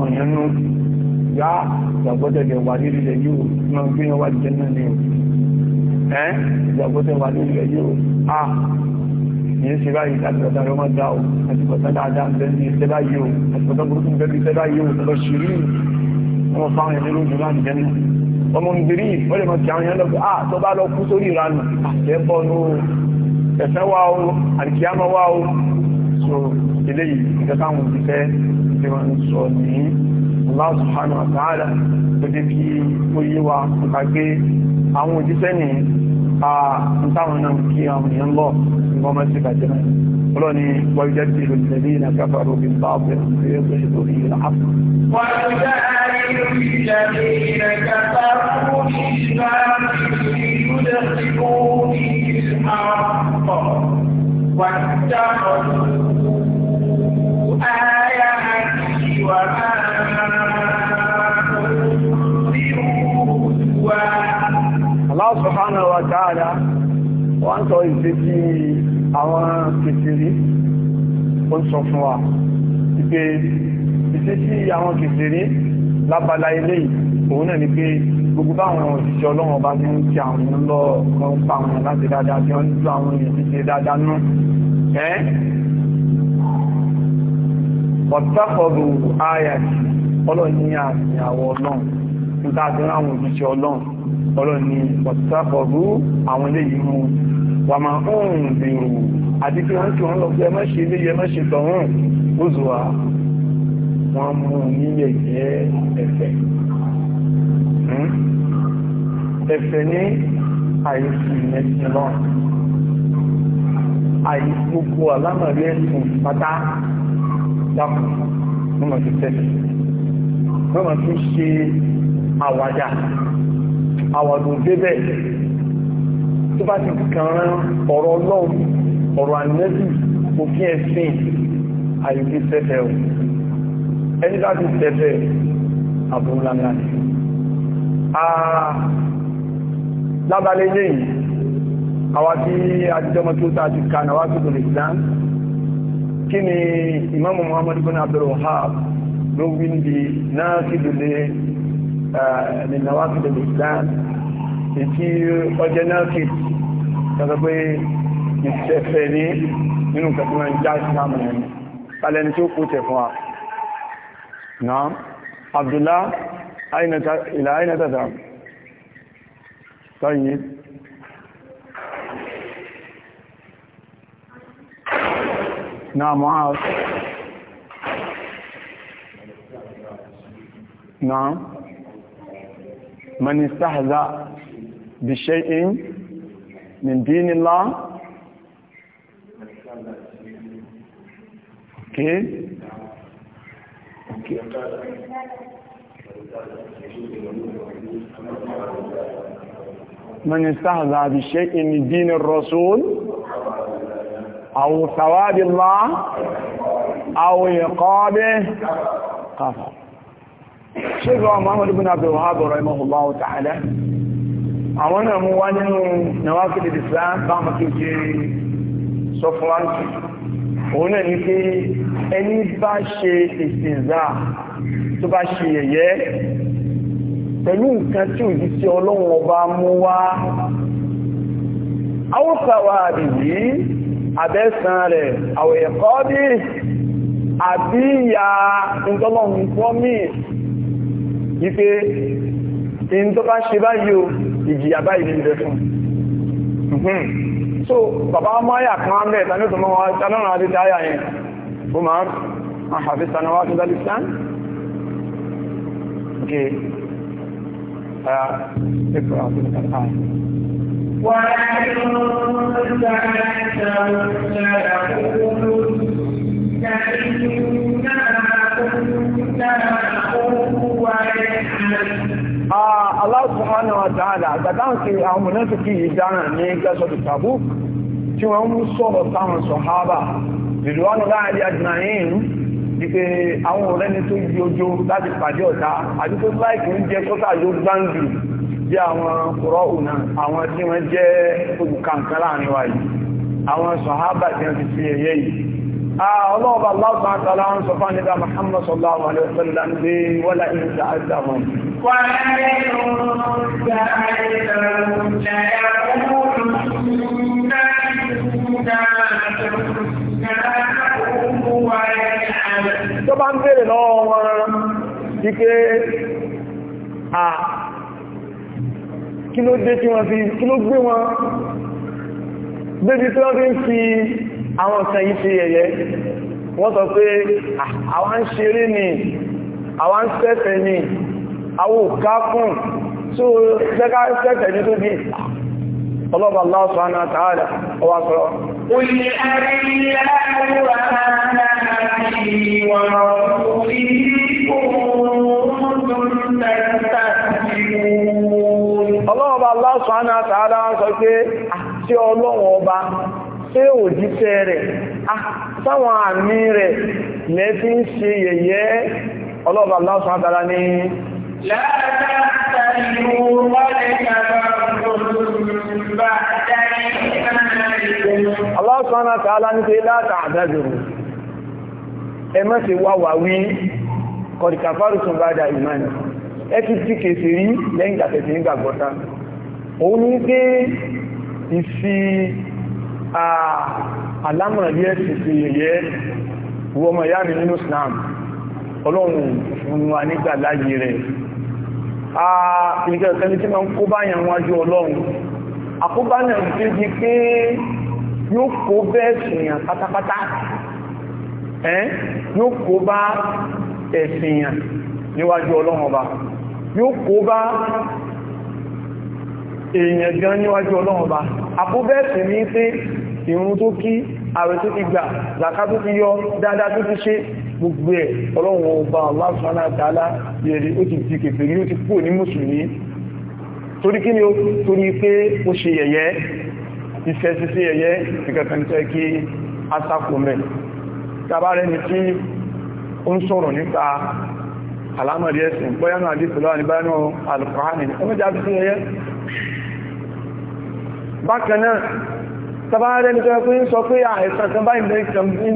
yá ìgbàgbọ́dẹ̀dẹ̀ wà nílẹ̀ yóò máa gbé wọn jẹ́ náà ni ẹ́ ìgbàgbọ́dẹ̀ yóò a ní ṣe báyìí láti ọ̀dà dá o àti dáadáa bẹ́ẹ̀ ní ìṣẹ́ báyìí ọmọ nìgbèrí ó lè mọ̀ kí àwọn èèyàn lọ ah tó bá lọ kú sórí ìranù àṣẹ ẹ̀fẹ́ wá o àdìkíámọ́ wá o so eléyìí nǹkan táwọn òṣìṣẹ́ ti wọ́n ń sọ ní Allah subhanahu wa ta'ala tó dé kí ó yé wa nípa pé àwọn òṣìṣẹ́ nìyí àtàwọn náà kí àwọn èèyàn lọ nǹkan mọ́ sí bàjẹ́ ọlọ́ ni wọ́n jẹ́ ti lòdìlẹ́bí ìlà káfàrò bí bá ọ̀pẹ́ ìrẹ́gbẹ́ ìtòrí ìlà ápù Allah subhanahu wa ta'ala wọ́n sọ ìfẹ́sí àwọn kèfèrí ó ń sọ fún wa ìpé ìfẹ́sí àwọn kèfèrí lábala ilé òun náà ni pé gbogbo báwọn òṣìṣẹ́ ọlọ́wọ́n bá ti ń ti àwọn lọ kan pa àwọn láti dáadáa tí wọ́n ń tú àwọn èèyàn ti dáadáa nú ẹ́ ayàtì ọlọ́ọ̀ni ìtàbí àwọn òjíṣẹ́ ọlọ́run ọlọ́run ni ọ̀tàkọ̀rú àwọn ilé yìí mú wà máa ń bèrò àti kí wọ́n kí wọ́n lọ fẹ́ mẹ́ṣe ilé yẹ mẹ́ṣe tọ̀hún lóṣùwà wọ́n mú níyẹ̀ jẹ́ ẹ̀fẹ̀ hmm? ẹ̀fẹ̀ ní àìsí mẹ́sìn lọ́run àyè gbogbo àlámọ̀rí ẹ̀sùn pátá dákùn wọ́n máa ti tẹ́lẹ̀ wọ́n máa tún ṣe àwàdà àwàdà òdébẹ̀ tó bá ti kàrán ọ̀rọ̀ ọlọ́run ọ̀rọ̀ ànẹ́bì òfin ẹ̀sìn àyíké sẹ́fẹ́ ọ̀ ẹni láti sẹ́fẹ́ àbúrúláńlá lábàlẹ̀ lẹ́yìn àwa tí àjíjọmọ́ tó tàà ti kà náwà tó lè dán kí ni Imam Muhammad bin Abdul Wahab ló wí níbi náà sí min nawaqid al-islam ìtí ọjọ́ náà kì tọ́tọ́ pé ìṣẹ́fẹ́ ní nínú kẹfẹ́ wọn já islam ẹni alẹ́ni tí ó kú tẹ̀ fún wa náà abdullah ilẹ̀ àìnàtàtà tọ́yìí náà mọ́ Naam. من استهزأ بشيء من دين الله اوكي اوكي من استهزأ بشيء من دين الرسول أو ثواب الله أو عقابه كفر ṣéèkì wa muhammadu bin na wahab rahimahullahu ta'ala àwọn náà mú wá nínú nawakil islam bá mọ̀ kéje sọ fún wa òun náà ní pé ẹni bá ṣe ìsìnzá tó bá ṣe yẹ̀yẹ́ pẹ̀lú nǹkan tí ò jí ọba wípé in tó bá ṣe báyìí o ìjìyà báyìí ní fún hmm. so bàbá mọ́yà kan mẹ́ta ní ọdún mọ́wàá tánàrà àti dáyà yẹn ó máa ń àhàfi sanáwá tó dálé sán okay uh, April, Thank you. subhanahu wa ta'ala àgbàtàǹkì àwọn mùnáfíkì ìdára ní gẹ́sọ̀tù tàbú tí wọ́n mú sọ̀rọ̀ táwọn sọ̀hábà ìlúwọ́n láàrin àjìnàyìn wípé àwọn ọ̀rẹ́ni tó yíojo láti pàdé ọ̀tá àti tó láìkì ń jẹ́ kọ́tà yóò gbáǹdù bí àwọn kùrọ̀ ònà àwọn tí wọ́n jẹ́ olùkàǹkan láàrin wa yìí àwọn sọ̀hábà tí wọ́n ti fi ẹ̀yẹ yìí ọlọ́ọ̀bà lọ́gbà tọ́lá ń sọ fún nígbà Muhammad sallallahu alaihi wasallam ní wọ́lá ìrìnṣà àjàmọ̀. tó bá ń bèèrè lọ́wọ́ wọn wípé à kí ló dé tí wọ́n fi kí ló gbé wọn gbébí tí wọ́n fi ń fi àwọn kan yìí ti yẹ̀yẹ́ wọ́n sọ pé àwọn ń ṣeré ni àwọn ń sẹ́fẹ̀ ni àwọn òkákùn tó jẹ́ká sẹ́fẹ̀ ní tó bí ọlọ́bà Allah subhanahu wa ọwà sọ́rọ̀ ọlọ́bà Allah subhanahu wa ta'ala sọ pé tí ọlọ́wọ̀n ọba ṣé òjíṣẹ́ rẹ̀ sáwọn ah, àmì rẹ̀ lẹ́fí ń ṣe yẹ̀yẹ́ ọlọ́bà lásán àtàrà ní Aláṣán àtàrà ala sí wà wà wí kọ̀dìkàfàrù tún bá dà ìmáni, ẹ tí kèsì rí lẹ́yìn àtẹ̀sì nígbàgbọ́ta. Òun ní pé ìfi àlámọ̀ràn yẹ́ ti fi yẹ wọ́n mọ̀ yá mi nínú Islam ọlọ́run fún wa nígbà láyé rẹ̀ ìgbẹ̀ ìsẹ́ni tí ma ń kó bá yàn wájú ọlọ́run àkóbá náà ti di pé yóò kó bẹ́ẹ̀sìn yàn pátápátá ẹ́ yóò kó bá ẹ̀sìn yàn níwájú ọlọ́run ọba yóò kó bá èèyàn gan níwájú ọlọ́run ọba àbúbẹ́ẹ̀sì ní pé ìrun tó kí ààrẹ tó ti gbà zàká tó ti yọ dáadáa tó ti ṣe gbogbo ẹ̀ ọlọ́run ọba Allah subhanahu wa ta'ala yẹ̀rẹ̀ ó ti di kèfè ní ó ti kúrò ní mùsùlùmí torí kí ni ó torí pé ó ṣe yẹ̀yẹ́ ìfẹ́ sí sí yẹ̀yẹ́ ìkẹ̀kẹ̀ntẹ́ kí asákòmẹ̀ tàbárẹ́ ni tí ó ń sọ̀rọ̀ nípa alámọ̀dé ẹ̀sìn bọ́yánà àdífẹ́lọ́ àdíbáyánà alùpàá bákan náà tàbáàrẹ́ ní tọ́rọ pé ń sọ pé àìsàn kan báyìí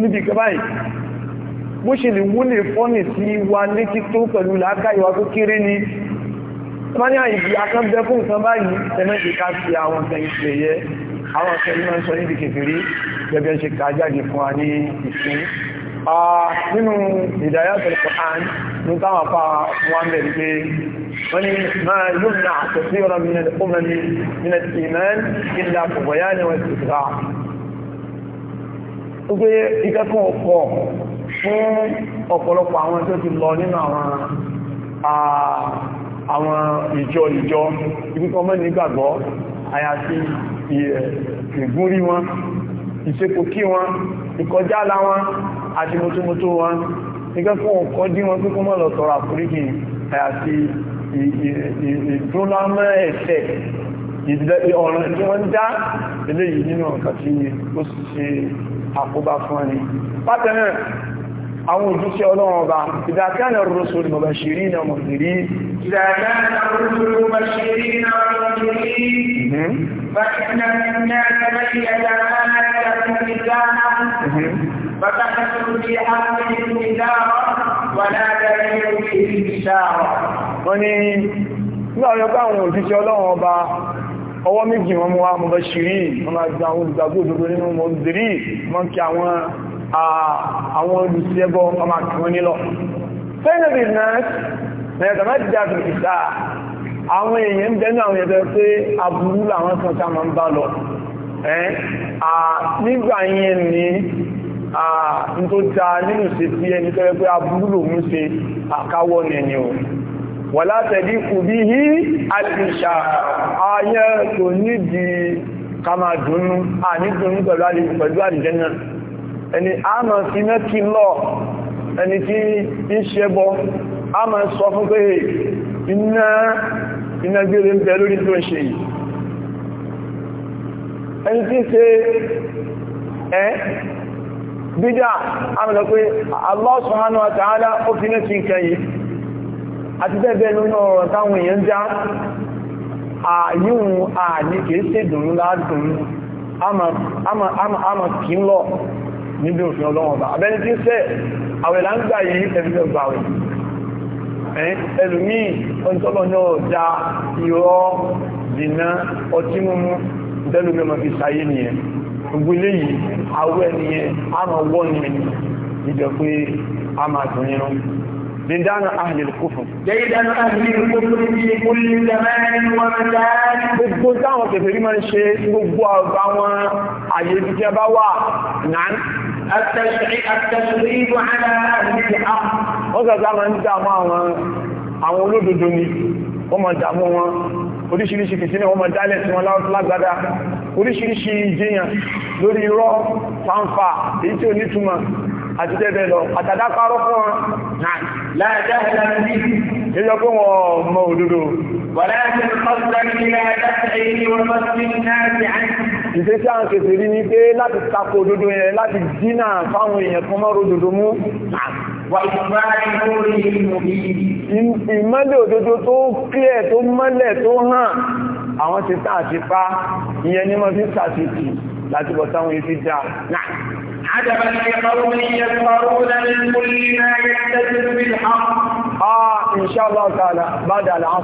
níbi kan báyìí bó ṣe lè wúlè fọ́nì sí wa létí tó pẹ̀lú làákà ìwà tó kéré ni tọ́bá ní àìbí akẹ́bẹ́ fún nǹkan báyìí tẹ́mẹ́ ṣe ká sí àwọn ìṣẹ̀lẹ̀ yẹ àwọn ìṣẹ̀lẹ̀ máa ń sọ níbi kékeré gẹ́gẹ́ ṣe ká jáde fún wa ní ìsìn ah, nínú ìdáyàtọ̀ ما يمنع كثيرا من الأمم من الإيمان إلا بغيان والاستدراع gbogbo ìkẹ́kọ̀ọ́ ọ̀pọ̀ fún ọ̀pọ̀lọpọ̀ àwọn tó ti lọ nínú àwọn ìjọ ìjọ ìpínkan mọ́ nígbàgbọ́ àyàfi ìgúnrí wọn ìsekòkí wọn ìkọjáàlá wọn àti mọ́túnmọ́tún wọn ìkẹ́kọ̀ọ́ ìdúnlámọ́ ẹ̀ṣẹ̀ ọ̀ràn tí wọ́n dá eléyìí nínú ọ̀kan tí ó sì ṣe àkóbá fún ẹni pátẹ́nà àwọn òjúṣẹ́ ọlọ́run ọba ìdákẹ́nà rúrúsù mọ̀bà ṣìrí na mọ̀sírí ìdákẹ́nà rúrúsù mọ̀bà ṣìrí na mọ̀sírí bákanáà ní فتحسن في حقه الإدارة ولا دليل به الإشارة wọ́n ní láàrin ọgbà àwọn òṣìṣẹ́ ọlọ́run ọba ọwọ́ méjì wọn mú wá mọ́ bẹ ṣìrí wọn máa gba àwọn olùgbàgbò òdòdó nínú mọ́ òdìrí mọ́ kí àwọn àwọn olùsẹ́bọ́ ọmọ àkíwọ́n nílọ fẹ́rẹ̀rì náà mẹ́rẹ̀dàmájìdáàbì ìsá àwọn èèyàn ń bẹ́nu àwọn ẹ̀bẹ̀ pé aburú làwọn kan ká máa ń bá lọ nígbà yẹn ní ààrùn ah, tó dá nínú sí sí ẹni tó yẹ pé aburú lòun ṣe àkáwọ́ nẹni o wà látẹ̀dí kù bí i àtìṣà ayẹ́ tó nídìí ká máa dùnnú àní dùnnú pẹ̀lú àdìjẹ́ náà ẹni a máa fi mẹ́kí lọ ẹni tí ń a máa sọ fún pé iná iná gbére ń bẹ lórí tó ń ṣe ṣe ẹ́ bídá àmìlọ pé Allah subhanahu ó fi ní sí àti bẹ́ẹ̀bẹ́ẹ̀ nínú ọ̀rọ̀ táwọn èèyàn já àyíhun àní kìí sí ìdùnnú ládùn àmà n lọ níbi òfin ọlọ́wọ̀n bá gbogbo ihe àwọ́ ẹniyẹn àrọ̀gbọ́ ni ìjọ pé a máa tún nínú dindanu ahli kulli gbogbo táwọn kèfèrí máa ń ṣe gbogbo àwọn àyè ibi a bá wà náà wọ́n sọ̀tà àwọn olódodo ni wọ́n máa dààmú wọn oríṣiríṣi kìtínà wọ́n mọ̀ dálẹ̀ tí wọ́n lágbádá oríṣiríṣi ìjìyàn lórí irọ́ fanfa èyí tí ò nítumọ̀ àti tẹ́bẹ̀ lọ àtàdákárọ́ fún wọn láàájá pé ní pé láti tako òdodo Ìmọ́lẹ̀ òdodo tó kílẹ̀ tó mọ́lẹ̀ tó hàn àwọn ti tàà ti pa ìyẹn ní mọ́ sí sàtìtì láti bọ̀ sáwọn ìfi dá náà. Àjàbà ni ẹ̀kọ́rún ní ẹ̀kọ́rún lẹ́lẹ́ tó lè náà Ah, inshallah ta'ala, bá dà láàá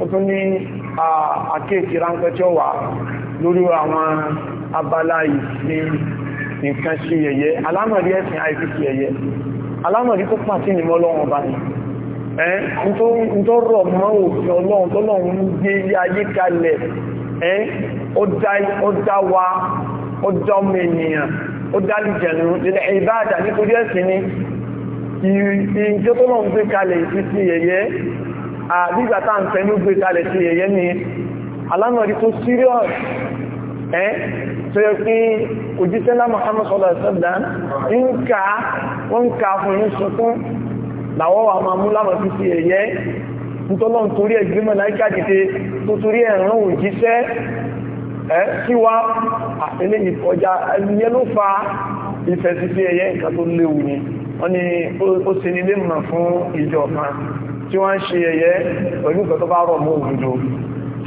ó tún ní ah, àkéèkì ráńpẹ́ tí ó wà lórí àwọn abala ìsìn nǹkan sí ẹ̀yẹ alámọ̀rí ẹ̀sìn àìfíkì ẹ̀yẹ alámọ̀rí tó pàtí ní mọ́lọ́wọ́n bá ní ẹ́ ń tó rọ̀ mọ́ òfin ọlọ́run tó lọ́run ń gbé ayé kalẹ̀ ẹ́ ó dá wa ó dá ọmọ ènìyàn ó dá lìjẹ̀nu ilẹ̀ ìbáàdà nítorí ẹ̀sìn ni ìjọ tó lọ́run gbé kalẹ̀ sí ẹ́ tó yẹ pé òjíṣẹ́lá Muhammad sọ́lá ìsọ́dá ń ká wọ́n ń ká fún ní sọkún làwọ́ wa máa mú láwọn títí ẹ̀yẹ́ nítọ́lọ́ torí ẹgbẹ́mọ̀ láìka dìde tó torí ẹ̀rùn òjíṣẹ́ ẹ́ sí wa àtẹ́lẹ́ ìfọjá fa ìfẹ́ títí ẹ̀yẹ́ nǹkan tó ni wọ́n ni ó ṣe nílé mọ̀ fún ìjọ kan tí wọ́n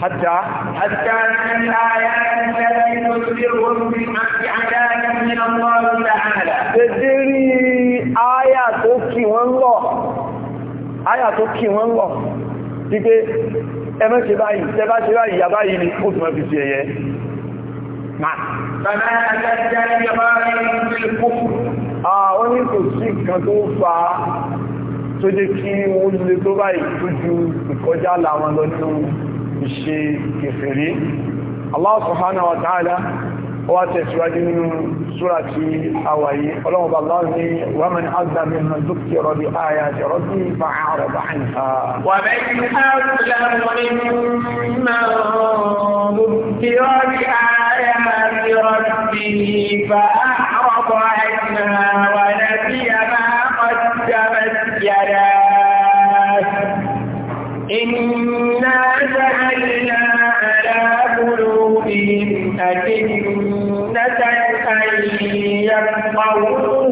حتى حتى أن الآيات التي تخبرهم بعذاب من الله تعالى تدري آية توكي والله آية توكي والله Dípé ẹmọ́ ṣe báyìí, tẹbá ṣe báyìí, ìyà báyìí ni ó túnmọ̀ fi ṣe ẹyẹ. Máa. Bàbá àtàjá ìjọba rẹ̀ ń kú. Àwọn ní kò sí nǹkan tó fa tó jẹ́ kí wọ́n lè tó báyìí tó ju ìkọjá làwọn lọ fi ṣe kèfèrí Allah subhanahu wa ta'ala wá tẹ̀síwájú nínú súra ti àwàyé ọlọ́run bá lọ́rùn ní wọ́n azà mi hàn dúkì rọ̀bì àyà àti rọ̀bì bá àrọ̀ bá hàn ha. wà bẹ́ẹ̀ ni a ń lọ nínú dúkì rọ̀bì àyà àti rọ̀bì bá àrọ̀ bá hàn ha wà lẹ́bí àmà ọjọ́ bẹ́ẹ̀ yàrá. إنا جعلنا على قلوبهم أكنة أن يفقهوه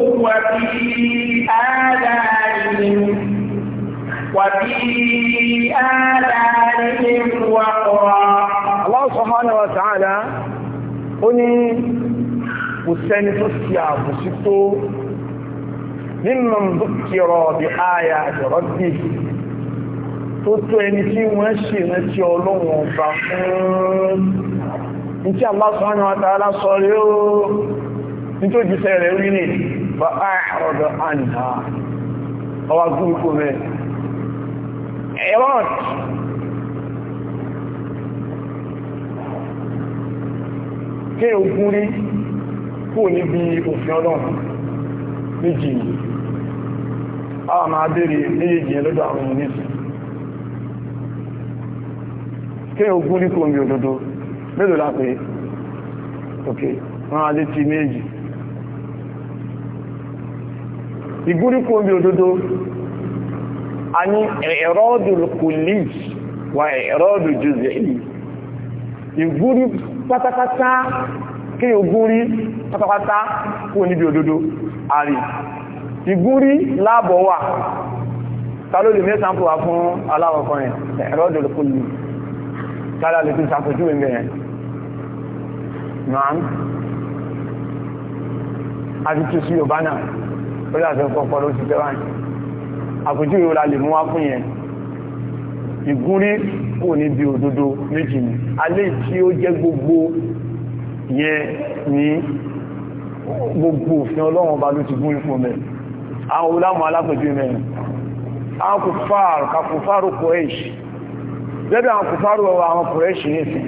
وفي آذانهم وقرا الله سبحانه وتعالى قل kò sẹ́ni tó fi àbùsí tó mímọ̀ bùkìrọ̀ bí áyà àjọ̀rọ̀ tó tó ẹni tí wọ́n ṣe rántí ọlọ́run ọba fún tí Allah subhanahu wa ó ní rẹ̀ rí ní bá àrọ̀dọ̀ àìdá ọwà gúrùkú rẹ̀ ẹ̀rọ̀t kí ogun rí kò níbi òfin ọlọ́run méjì yìí a máa bèèrè méjì yẹn lọ́dọ̀ àwọn ìrìnlẹ́sìn kí ogún ní kò ń bí òdodo mélòó lápé ok wọ́n a lè ti méjì ìgún ní kò ń bí òdodo a ní ẹ̀rọ́dù kòlì wà ẹ̀rọ́dù jùzẹ̀ ìgún ní pátápátá kí ogún rí pátápátá kò níbi òdodo àrí ìgún rí láàbọ̀ wà ta ló lè mẹ́sàn-án fún aláwọ̀kan ẹ̀ ẹ̀rọ́dù kòlì tálà lè tún sàpòjú ẹgbẹ̀ yẹn náà àti tó sí yorùbá náà ó láti ọ̀pọ̀ ló ti tẹ́wà àpòjú ìrora lè mú wá fún yẹn ìgúnrí kò ní bí òdodo méjì ni alé tí ó jẹ́ gbogbo yẹn ní gbogbo òfin ọlọ́run ọba ló ti gún ipò mẹ́ àwọn olámọ̀ alápòjú mẹ́rin àwọn kò lẹ́dọ̀ àwọn kòfàrò àwọn kòrẹ́ṣì ní ìsìn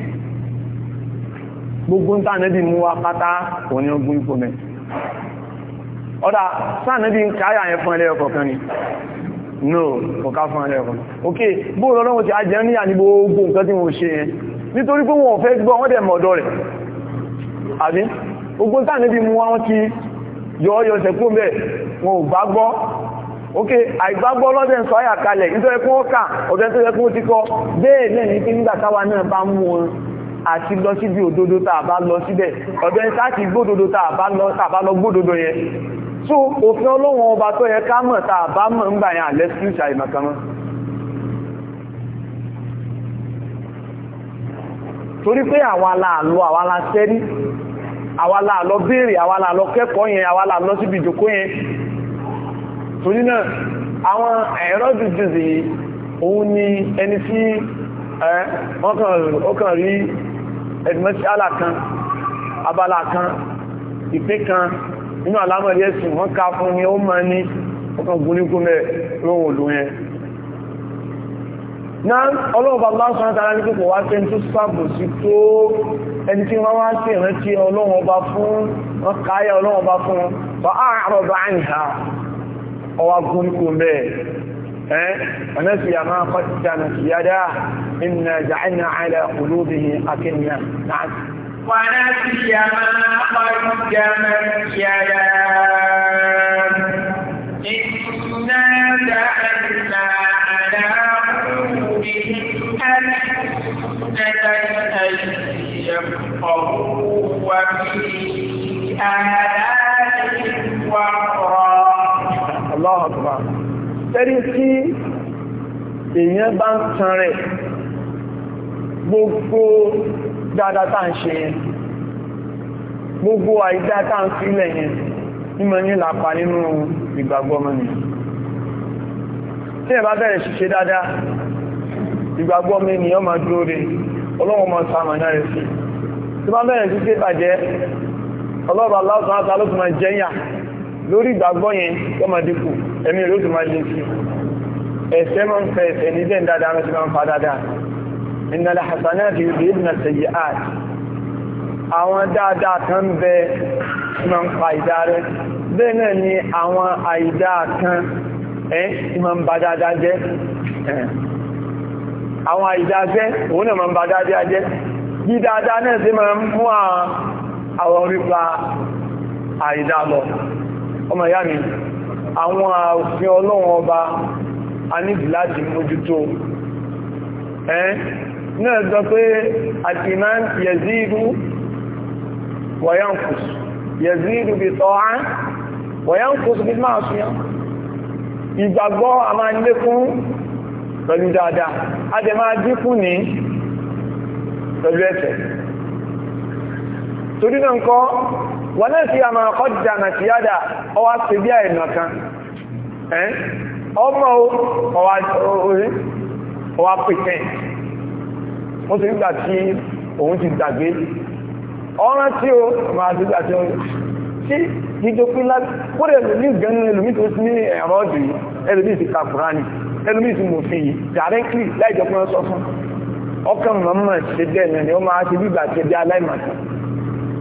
gbogbo ń tánẹ́bì mú wa pátá òní ogun ipò mẹ́ ọ́dá sáànẹ́bì ń káyà yẹn fún ẹlẹ́yọ kọ̀ọ̀kan ni no kọ̀ká fún ẹlẹ́yọ ok bóò lọ́lọ́wọ́ ti ajẹ́ níyà ní gbogbo nǹkan tí mo ṣe yẹn nítorí pé ok àìgbàgbọ́ ọlọ́dẹ ń sọ ayà kalẹ̀ nítorí kún ó kà ọ̀dẹ́ tó yẹ kún ó ti kọ́ bẹ́ẹ̀ náà ní pé nígbà táwa náà bá mú wọn àti lọ síbi òdodo tàà bá lọ síbẹ̀ gbódodo lọ gbódodo yẹn so òfin ọlọ́wọ̀n ọba tó yẹ ká mọ̀ bá mọ̀ ń gbà yẹn torí pé àwa la lọ àwa la béèrè àwa la kẹ́kọ̀ọ́ yẹn àwa la síbi ìjòkó yẹn torí náà àwọn ẹ̀rọ dùdù sí òun ni ẹni tí ó kàn rí ẹ̀dùmọ́síálà kan abala kan ìpé kan nínú àlámọ̀rí ẹ̀sìn wọ́n ká fún ni ó ma ní ọkàn gúnlégún mẹ́ lóhun òlò yẹn na ọlọ́ọ̀bà lásán ẹni tí wọ́n wá sí ìrántí ọlọ́wọ́n ọba fún wọ́n káyà ọlọ́wọ́n ọba fún wọ́n àárọ̀ bá ń ha ọwá gún ní kún bẹ́ẹ̀ ونسي ما قدمت يداه إنا جعلنا على قلوبه أكنة نعم ونسي ما قدمت يداه إنا جعلنا على قلوبهم وفي آلاتهم وقرآن aláhàtùmá tẹ́rí tí èèyàn bá ń tan rẹ̀ gbogbo dáadáa tá ń ṣe yẹn gbogbo àìdá tá ń sílẹ̀ yẹn nímọ̀ ní làpá nínú ìgbàgbọ́ mọ́ni tí ẹ bá bẹ̀rẹ̀ ṣiṣẹ́ dáadáa ìgbàgbọ́ mi ni lórí ìgbàgbọ́ yẹn tó máa dínkù ẹ̀mí ló tún máa lè sí ẹ̀ṣẹ̀ máa ń fẹ́ ẹ̀ṣẹ̀ ní dẹ́n dáadáa ló ti máa ń fa dáadáa innal hasanati yudhibna sayyi'at àwọn dáadáa kan bẹ máa ń pa ìdá rẹ bẹ́ẹ̀ náà ni àwọn àìdá kan ẹ́ ti máa ń ba dáadáa jẹ́ àwọn àìdá jẹ́ òun náà máa ń ba dáadáa jẹ́ bí dáadáa náà sì máa ń mú àwọn orípa àìdá lọ ọmọ ìyá mi àwọn òfin ọlọ́run ọba a níbi láti mójútó ẹ́ náà sọ pé àti máa ń yẹ̀zíru wọ̀yánkùs yẹ̀zíru bí tọ́ á wọ̀yánkùs bí máa súnyán ìgbàgbọ́ a máa lékún pẹ̀lú dáadáa a jẹ máa dínkù ní pẹ̀lú ẹ̀tẹ̀ torí náà ń wọ́n náà sí àmà ọjà àti yádà ọwá sí bí àìnà kan ọmọ ọwá pẹ̀tẹ̀ ó ti gbà tí òun ti dàgbé ọ̀rán tí ó máa ti gbà tí ó tí jíjọ pín láti kódẹ̀ gẹnu ẹlòmí tó sí ní ẹ̀rọ ọdún ẹlòmí ti ka Kùránì ẹlòmí ti mòfin yìí directly láìjọ pín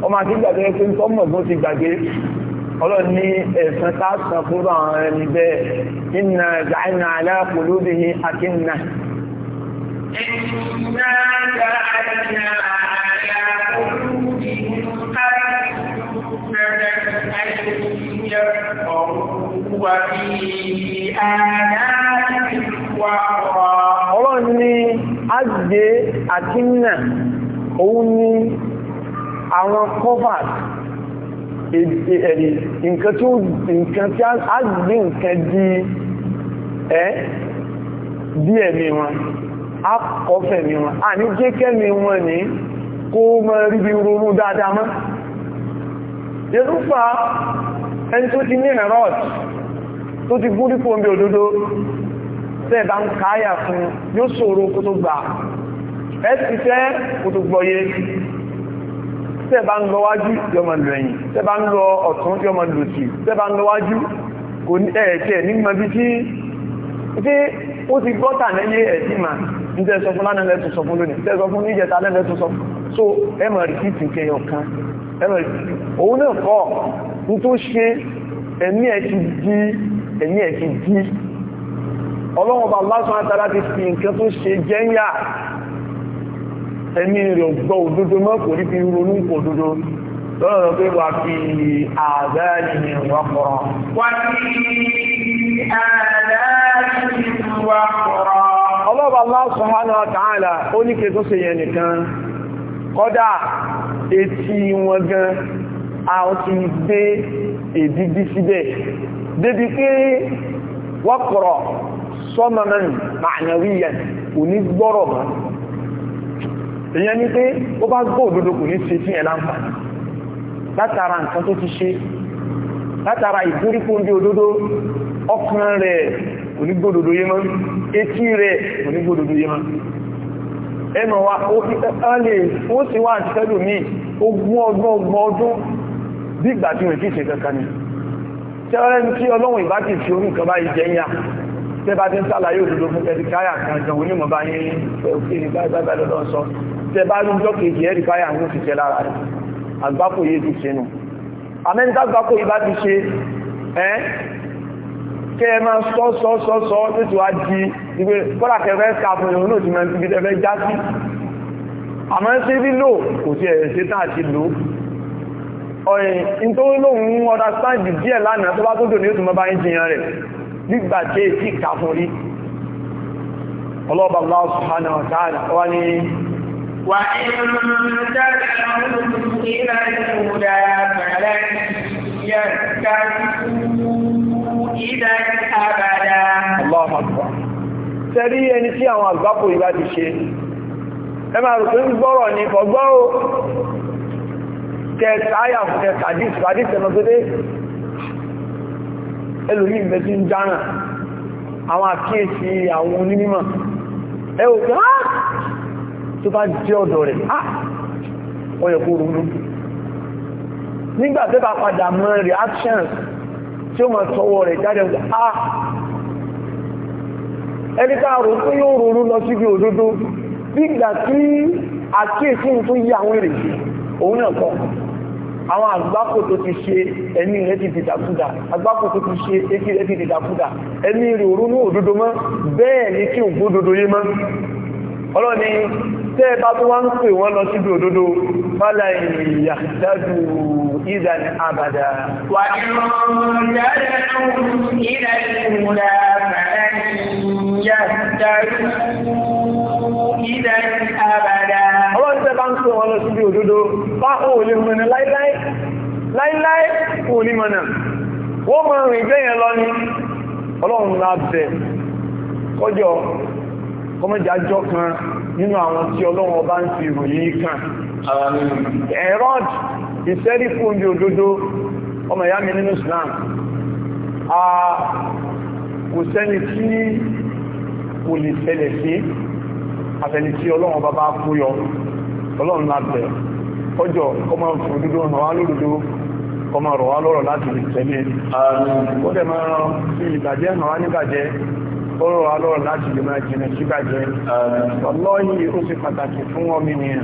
ọmọ àti gbàgbé pé ń tọ́mọ̀ tó ti gbàgbé ọlọ́run ní ẹ̀sán tásán fún àwọn ẹni bẹ́ẹ̀ iná ìdáná aláàpòló bí i akínà Ọlọ́run ní àgbé àkínà òun ní àwọn covert nǹkan tí nǹkan tí a gbé nǹkan di ẹ́ bí ẹ̀mí wọn a kọfẹ̀ mi wọn a ní kéèkẹ́ mi wọn ní kó mọ́ rí ronú dáadáa mọ́ yẹ́rúfà ẹni tó ti ní herod tó ti gúrí fún òdodo tẹ́ bá ń káyà fún yóò ṣòro kó tó gbà tẹ́ bá ń lọ wájú yọ ma lọ ẹ̀yìn tẹ́ bá ń lọ ọ̀tún yọ ma lọ sí tẹ́ bá ń lọ wájú kò ní ẹ̀ẹ̀kẹ́ nígbà bí tí pé ó ti gọ́tà lẹ́yẹ ẹ̀sí mà ń tẹ́ sọ fún lánàá tún sọ fún lónìí tẹ́ sọ fún níjẹta lẹ́lẹ́ tún sọ so ẹmọ̀ rí sí kẹyọ kan ẹmọ̀ rí òun náà kọ́ ní tó ṣe ẹ̀mí ẹ̀ ti di ẹ̀mí ẹ̀ ti di ọlọ́run bá lásán àtàrà ti fi nǹkan tó ṣe jẹ́ńyà ẹni rẹ̀ gbọ́ òdodo mọ́ kò ní fi ronú kò dodo lọ́rọ̀ pé wà fi àdáyé ni wọ́n kọ̀rọ̀. wà fi àdáyé ni wọ́n kọ̀rọ̀. ọlọ́ba Allah subhanahu wa ó ní kẹ́kọ́ sí yẹn nìkan kọ́dà etí wọn gan a ti gbé èdìdí síbẹ̀ débi pé wọ́n kọ̀rọ̀ èyàn ní pé ó bá gbọ́ òdodo kò ní ṣe sí ẹ̀ láǹfààní látara nǹkan tó ti ṣe látara ìgbóríkó ní òdodo ọkàn rẹ̀ kò ní gbódodo yé mọ́ etí rẹ̀ kò ní gbódodo yé mọ́ ẹnu wa ó lè wọ́n sì wá àti tẹ́lù ní ogún ọgbọ́n ọgbọ́n ọdún bí ìgbà tí wọ́n ti ṣe kankan ni tẹ́rẹ́ tí tẹ́bá ti ń sàlàyé òdodo fún ẹ̀dìkáyà kan jọ onímọ̀ bá yín òfin ìgbà ìgbà ìgbà lọ́dọ̀ sọ tẹ bá rí ọjọ́ kejì ẹ̀rì báyà ní òṣìṣẹ́ lára rẹ̀ àgbákò yé ti ṣe nù amẹ́ríkà àgbákò yìí bá ti ṣe ẹ́ kẹ́ ẹ máa sọ sọ sọ sọ títí wá di ìgbé kọ́lá kẹfẹ́ káfún ìrònú òtí máa ti fi tẹ́fẹ́ já sí àmọ́ ṣe lílò kò sí ẹ̀rẹ̀ ṣe tán àti lò ọ̀yìn tó lóhun ọ̀dá sáàdì díẹ̀ lánàá tó bá tó dòní òtún mọ́bá ìjìyàn rẹ̀ nígbà tí èsì káfún rí ọlọ́ọ̀bà Allah subhanahu wa ta'ala wá ní وإن تدعوهم إلى الهدى فلن يهتدوا إذا أبدا الله أكبر sẹ́rí ẹni tí àwọn àgbápò ìbá ti ṣe ẹ máa rò pé ń gbọ́rọ̀ ní ọgbọ́ o tẹ́ẹ̀tàáyà fún tẹ́ẹ̀tàdís tàdís ẹ̀nà tó dé ẹlòmí ìgbẹ́ ń dáná àwọn àkíyèsí àwọn onímọ̀ ẹ tó bá jẹ́ ọ̀dọ̀ rẹ̀ á ah, ọyọ̀ kó ronú nígbà bá padà mọ́ reactions tí ó mọ̀ tọwọ́ rẹ̀ jáde á ah, ẹni káàrò tó yóò ronú lọ síbi òdodo nígbà tí àkíyèsí tó yí àwọn èrè òun náà kọ́ àwọn àgbákò tó ti ṣe ẹni rẹ̀ ti dìdàkúdà àgbákò tó ti ṣe etí rẹ̀ ti ẹni rẹ̀ òrùn ní mọ́ bẹ́ẹ̀ ni kí ògbódodo yé mọ́ ọlọ́ni tẹ́ bá tó wá ń pè wọ́n lọ síbi òdodo fálà ìyà dájú ìdàn àbàdà wà Ọlọ́run tẹ́ bá ń pè wọ́n lọ síbi òdodo, bá ó lè mọ̀nà láíláí, láíláí kò ní mọ̀nà. Wọ́n mọ̀ rìn gbẹ́yẹn lọ ní Ọlọ́run lábẹ̀ kọjọ kọmọjájọ́ kan nínú àwọn tí ọlọ́wọ́ bá ń fi ìròyìn kàn ẹ̀rọ́d ìsẹ́rí fún bí òdodo ọmọ ìyá mi nínú Islam a kò sẹ́ni tí kò lè ṣẹlẹ̀ sí àfẹni tí ọlọ́wọ́ bá bá kú yọ ọlọ́run lábẹ̀ ọjọ́ ọmọ òdodo hàn wá lódodo ọmọ ọ̀rọ̀ wá lọ́rọ̀ láti lè tẹ̀lé ọ̀rọ̀ alọ́rọ̀ láti lè máa jìnà sí bàjẹ́ ọlọ́yìn ó ṣe pàtàkì fún ọmọ ènìyàn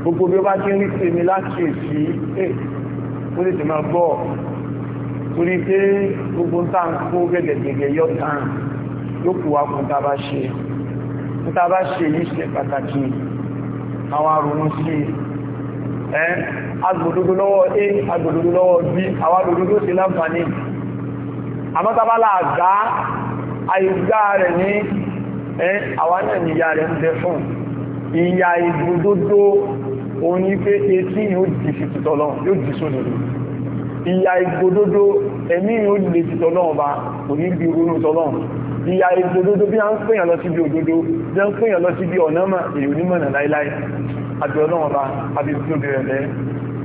gbogbo bí ó bá ti ń rí tèmi láti èsì ẹ̀ ó lè tèmi gbọ́ torí pé gbogbo ń tà ń kó gẹ́gẹ̀gẹ̀gẹ̀ yọ tán yóò kú wa kún tàbá ṣe tàbá ṣe yìí ṣe pàtàkì àwọn arùnú sí ẹ́ agbòdodo lọ́wọ́ a agbòdodo lọ́wọ́ b àwọn agbòdodo sí láǹfààní àmọ́tàbálà àgbà àìgbá rẹ̀ ní àwa náà ni ìyá rẹ̀ ń bẹ fún ìyá ìgbòdódó òun ní pé etí yóò di fi tìtọ́lọ́ yóò di sódòdó ìyá ìgbòdódó ẹ̀mí yóò lè tìtọ́lọ́ ọba kò ní bí ronú tọ́lọ́ ìyá ìgbòdódó bí a ń pèyàn lọ síbi òdodo bí a ń pèyàn lọ síbi ọ̀nà mà èyí onímọ̀nà láíláí àbí ọlọ́run ọba àbí ìbí rẹ̀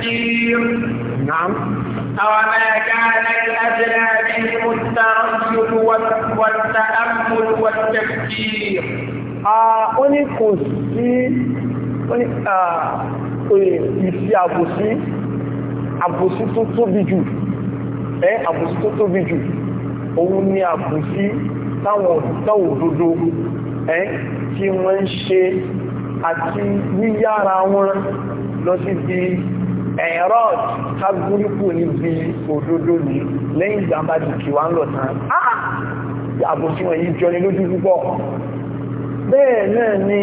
كثير نعم أوما كان الأدنى منهم التردد والتأمل والتفكير ó ní kò sí ìsí àbòsí àbòsí tó tóbi jù ẹ́ àbòsí tó tóbi jù òun ni àbòsí táwọn ọ̀tọ́wò dodo ẹ́ tí wọ́n ń ṣe àti yíyára wọn lọ sí bí ẹ̀rọ́d kágúrúkù níbi òdodo ní lẹ́yìn ìjàmbá jù kí wá ń lọ tán ààbò ah! tí wọ́n yí jọ ní lójú púpọ̀ bẹ́ẹ̀ náà ni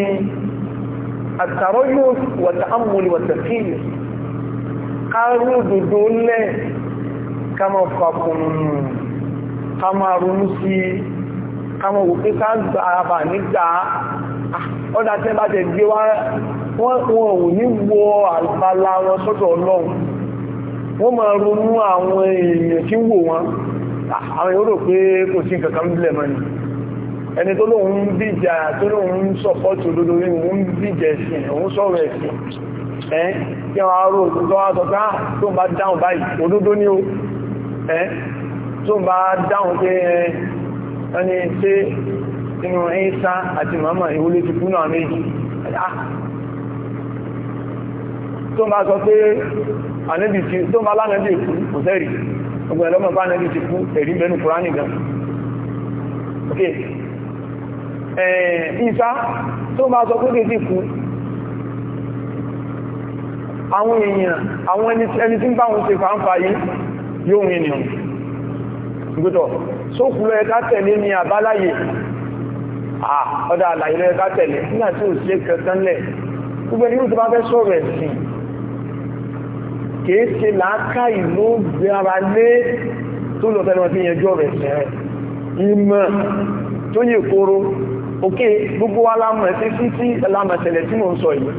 àtàrọ́yò wàtà ámúlì wàtà kílì kárú òdodo lẹ́ ká máa fàkùnù ká máa ronú sí ká máa Ah, ọ̀dá tí bá tẹ̀ gbé wá wọ́n ò ní wọ àgbàlá wọn sọ́tọ̀ ọlọ́run wọ́n máa ronú àwọn èèyàn tí wò wọn ah, àwọn èèyàn rò pé kò sí kankan bílẹ̀ mọ́ ni ẹni tó lóun ń bíjà tó lóun ń sọ̀pọ̀tù lódò rí òun ń bíjà ẹ̀sìn òun sọ̀rọ̀ ẹ̀sìn ẹ́ kí wọ́n arò tó wá sọ káà ah, tó bá dáhùn báyìí òdódó ní o ẹ́ tó bá dáhùn pé ẹni tí nínú ẹ̀ẹ́sá àti màmá ìwúlé ti kú náà méjì ah. tó máa sọ pé ànábì ti tó máa lánàbì èkú kò sẹ́rì ọgbọ̀n ẹ̀lọ́mọ̀ bá ànábì ti kú ẹ̀rí bẹnu kùránì gan ok ìsá tó máa sọ pé kò sí kú àwọn èèyàn àwọn ẹni tí ń bá wọn ṣe fàǹfà yìí yóò rìn nìyàn gbọ́dọ̀ sókùlọ ẹ̀ká tẹ̀lé ni àbáláyé ọ̀dà àlàyé lọ́yẹ ká tẹ̀lé nígbà tí ò sí kankan lẹ̀ gbogbo ẹni tó bá fẹ́ sọ̀rọ̀ ẹ̀sìn kìí ṣe làákà ìlú gbára lé tó lọ fẹ́ lọ sí yẹn jọ rẹ̀ sẹ́rẹ̀ ìmọ̀ tó yẹ kóró òkè gbogbo alámọ̀ sí sí sí alámọ̀ tẹ̀lẹ̀ tí mò ń sọ yìí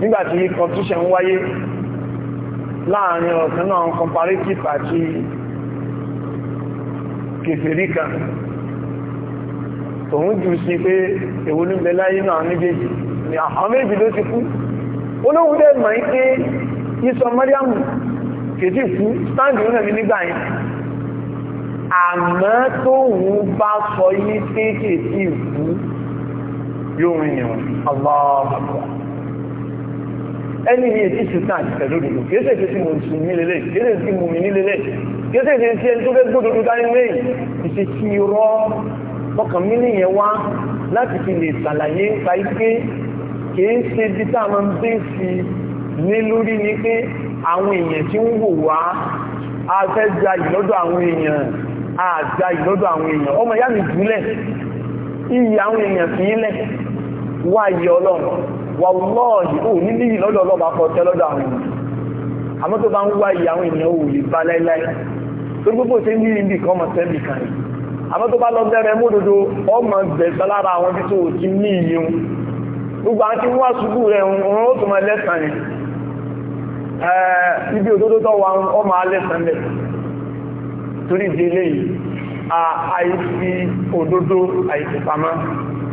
nígbàtí competition wáyé láàrin ọ̀kan náà comparative àti kèfèrí kan tòun jù sí pé èwo ló bẹ láyé náà méjèèjì ni àwọn méjì ló ti kú olóhun dẹ̀ mọ̀ pé ìsọ Mariam kètì kú sáàdì ó nàbí nígbà yẹn àmọ́ tóun bá sọ yí pé kètì kú yóò rìn ní wọn aláàbàbà ẹni ní ètí ṣùtà àti pẹ̀lúdùdù kéèsè tí tí mo sùn ní lélẹ̀ kéèsè tí mo mì ní lélẹ̀ kéèsè tí tí ẹni tó fẹ́ gbódòdó dání lẹ́yìn ìṣe tí rọ́ọ̀ ọkàn mi nìyẹn wá láti fi lè ṣàlàyé nípa ike kìí ṣe bí tá a máa ń bẹ́ sí ní lórí ni pé àwọn èèyàn tí ń wò wá a fẹ́ gba ìlọ́dọ̀ àwọn èèyàn a gba ìlọ́dọ̀ àwọn èèyàn ọmọ ìyá mi jùlẹ̀ iyì àwọn èèyàn fi ilẹ̀ wá iyì ọlọ́run wà lọ́ọ̀dì ò ní níyì lọ́dọ̀ ọlọ́ba kọ tẹ́ lọ́dọ̀ àwọn èèyàn àmọ́ tó bá ń wá iyì àwọn èèyàn ò lè bá láíláí torí gbogbo ṣe ń ní ibì kan mọ̀ sẹ́bì kan yìí àmọ́ tó bá lọ bẹ̀rẹ̀ mú dodo ọmọ bẹ̀sẹ̀ lára àwọn tí tó ti ní iye wọn gbogbo àwọn tí wọ́n ṣubú rẹ̀ wọn ó tún máa lẹ́sàn ni ibi òdodo tó wà ọmọ alẹ́sàn lẹ̀ torí di eléyìí àìsí òdodo àìsí pamọ́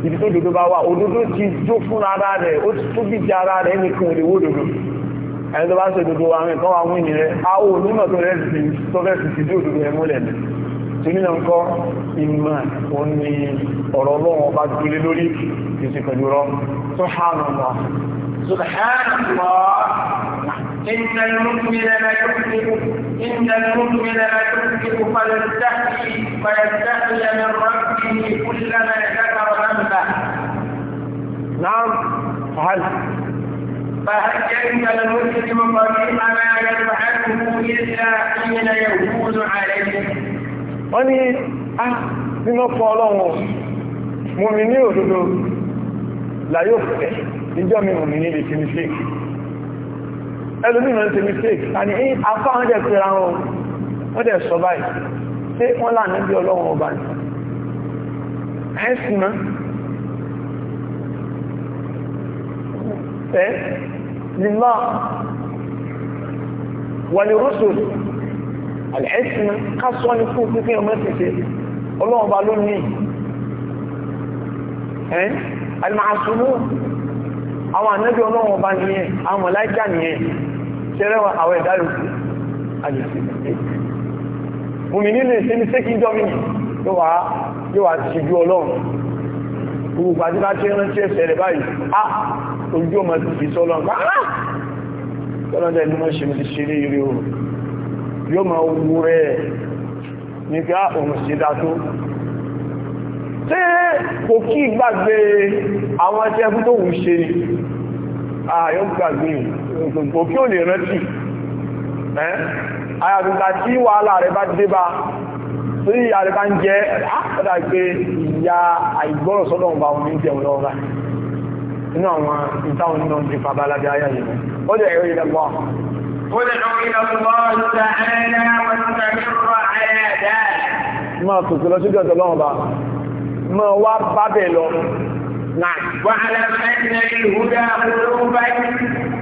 ibi tó dodo bá wà òdodo ti jó fún ara rẹ̀ ó ti tóbi di ara rẹ̀ nìkan òde wó dodo ẹni tó bá ṣe dodo àwọn ìkan wà wí nìyẹn a mùsùlùmí náà kọ́ ìmọ̀ òun ni ọ̀rọ̀ ọlọ́wọ́ bá gbélé lórí ìsì pẹ̀lú rọ tó إن المؤمن لا يكذب إن المؤمن لا يكذب فيستحي من ربه كلما ذكر ذنبه نعم فهل فهل كان المسلم قريب ما يفعله إلا حين يهون عليه wọ́n ní a nínú kọ ọlọ́run mú mi ní òdodo láyò fẹ́ níjọ́ mi mú mi ní ìdí mistake ẹlòmíràn ti mistake eh, àní afá wọn jẹ́ pé ara wọn wọ́n dẹ̀ sọ báyìí pé wọ́n lànà bí ọlọ́run ọba ní àlẹ́sìn ká sọ ní fún pípín ọmọ ìpèsè ọlọ́run bá ló ní ẹ́ alìmọ̀sùnú àwọn ànábì ọlọ́run bá ní ẹ̀ àwọn mọ̀láíkà ní ẹ̀ ṣẹlẹ̀ àwọn ẹ̀dá yòókù òmìnì lè ṣe ní sékì jọmí yóò wá ti ju ọlọ́run gbogbo àti bá tí rántí ẹ̀ṣẹ̀ yóò máa wú rẹ̀ ní kí á ah, òun sí dátó tí kò kí gbàgbé àwọn ẹ̀ṣẹ̀ fún tó wù ṣe ààyọ́ gbàgbé kò kí ò lè rántí àyàtùgbà tí wàhálà rẹ̀ bá dé bá tí ìyà rẹ̀ bá ń jẹ́ àpàdà pé ìyà àìgbọ́rọ̀ sọ́dọ̀ ọba òun ní jẹun lọ́wọ́ inú àwọn ìtàwọn náà ti fàbálájá ayá yìí ادعوا إلى الله تعالى واستمر على ذلك ما تقول شو قد الله ما هو بابلون نعم واعلم ان الهدى قلوبا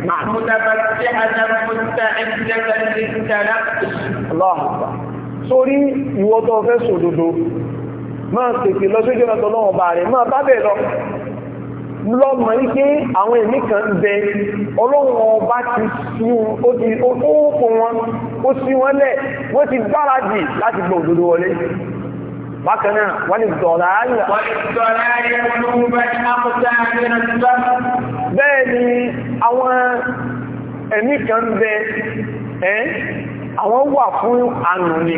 نعم متفتحه مستعده للتلقي الله اكبر sórí ìwọ tó fẹ́ sòdodo máa tètè lọ sójú ọ̀nà tọ́lọ́wọ̀n bá rẹ̀ máa bá bẹ̀ lọ lọ́mọ yìí pé àwọn ẹ̀mí kan bẹ ọlọ́run ọba ti sí ó ti ó fún wọn ó sí wọn lẹ̀ wọ́n ti gbáradì láti gbọ́ òdodo wọlé bákan náà wọ́n lè dọ̀lá ayọ̀. wọ́n lè dọ̀lá ayọ̀ lóhùn bẹ́ẹ̀ ni akọ̀tà nínú ìgbà. bẹ́ẹ̀ ni àwọn ẹ̀mí kan bẹ ẹ́ àwọn wà fún ànú ni.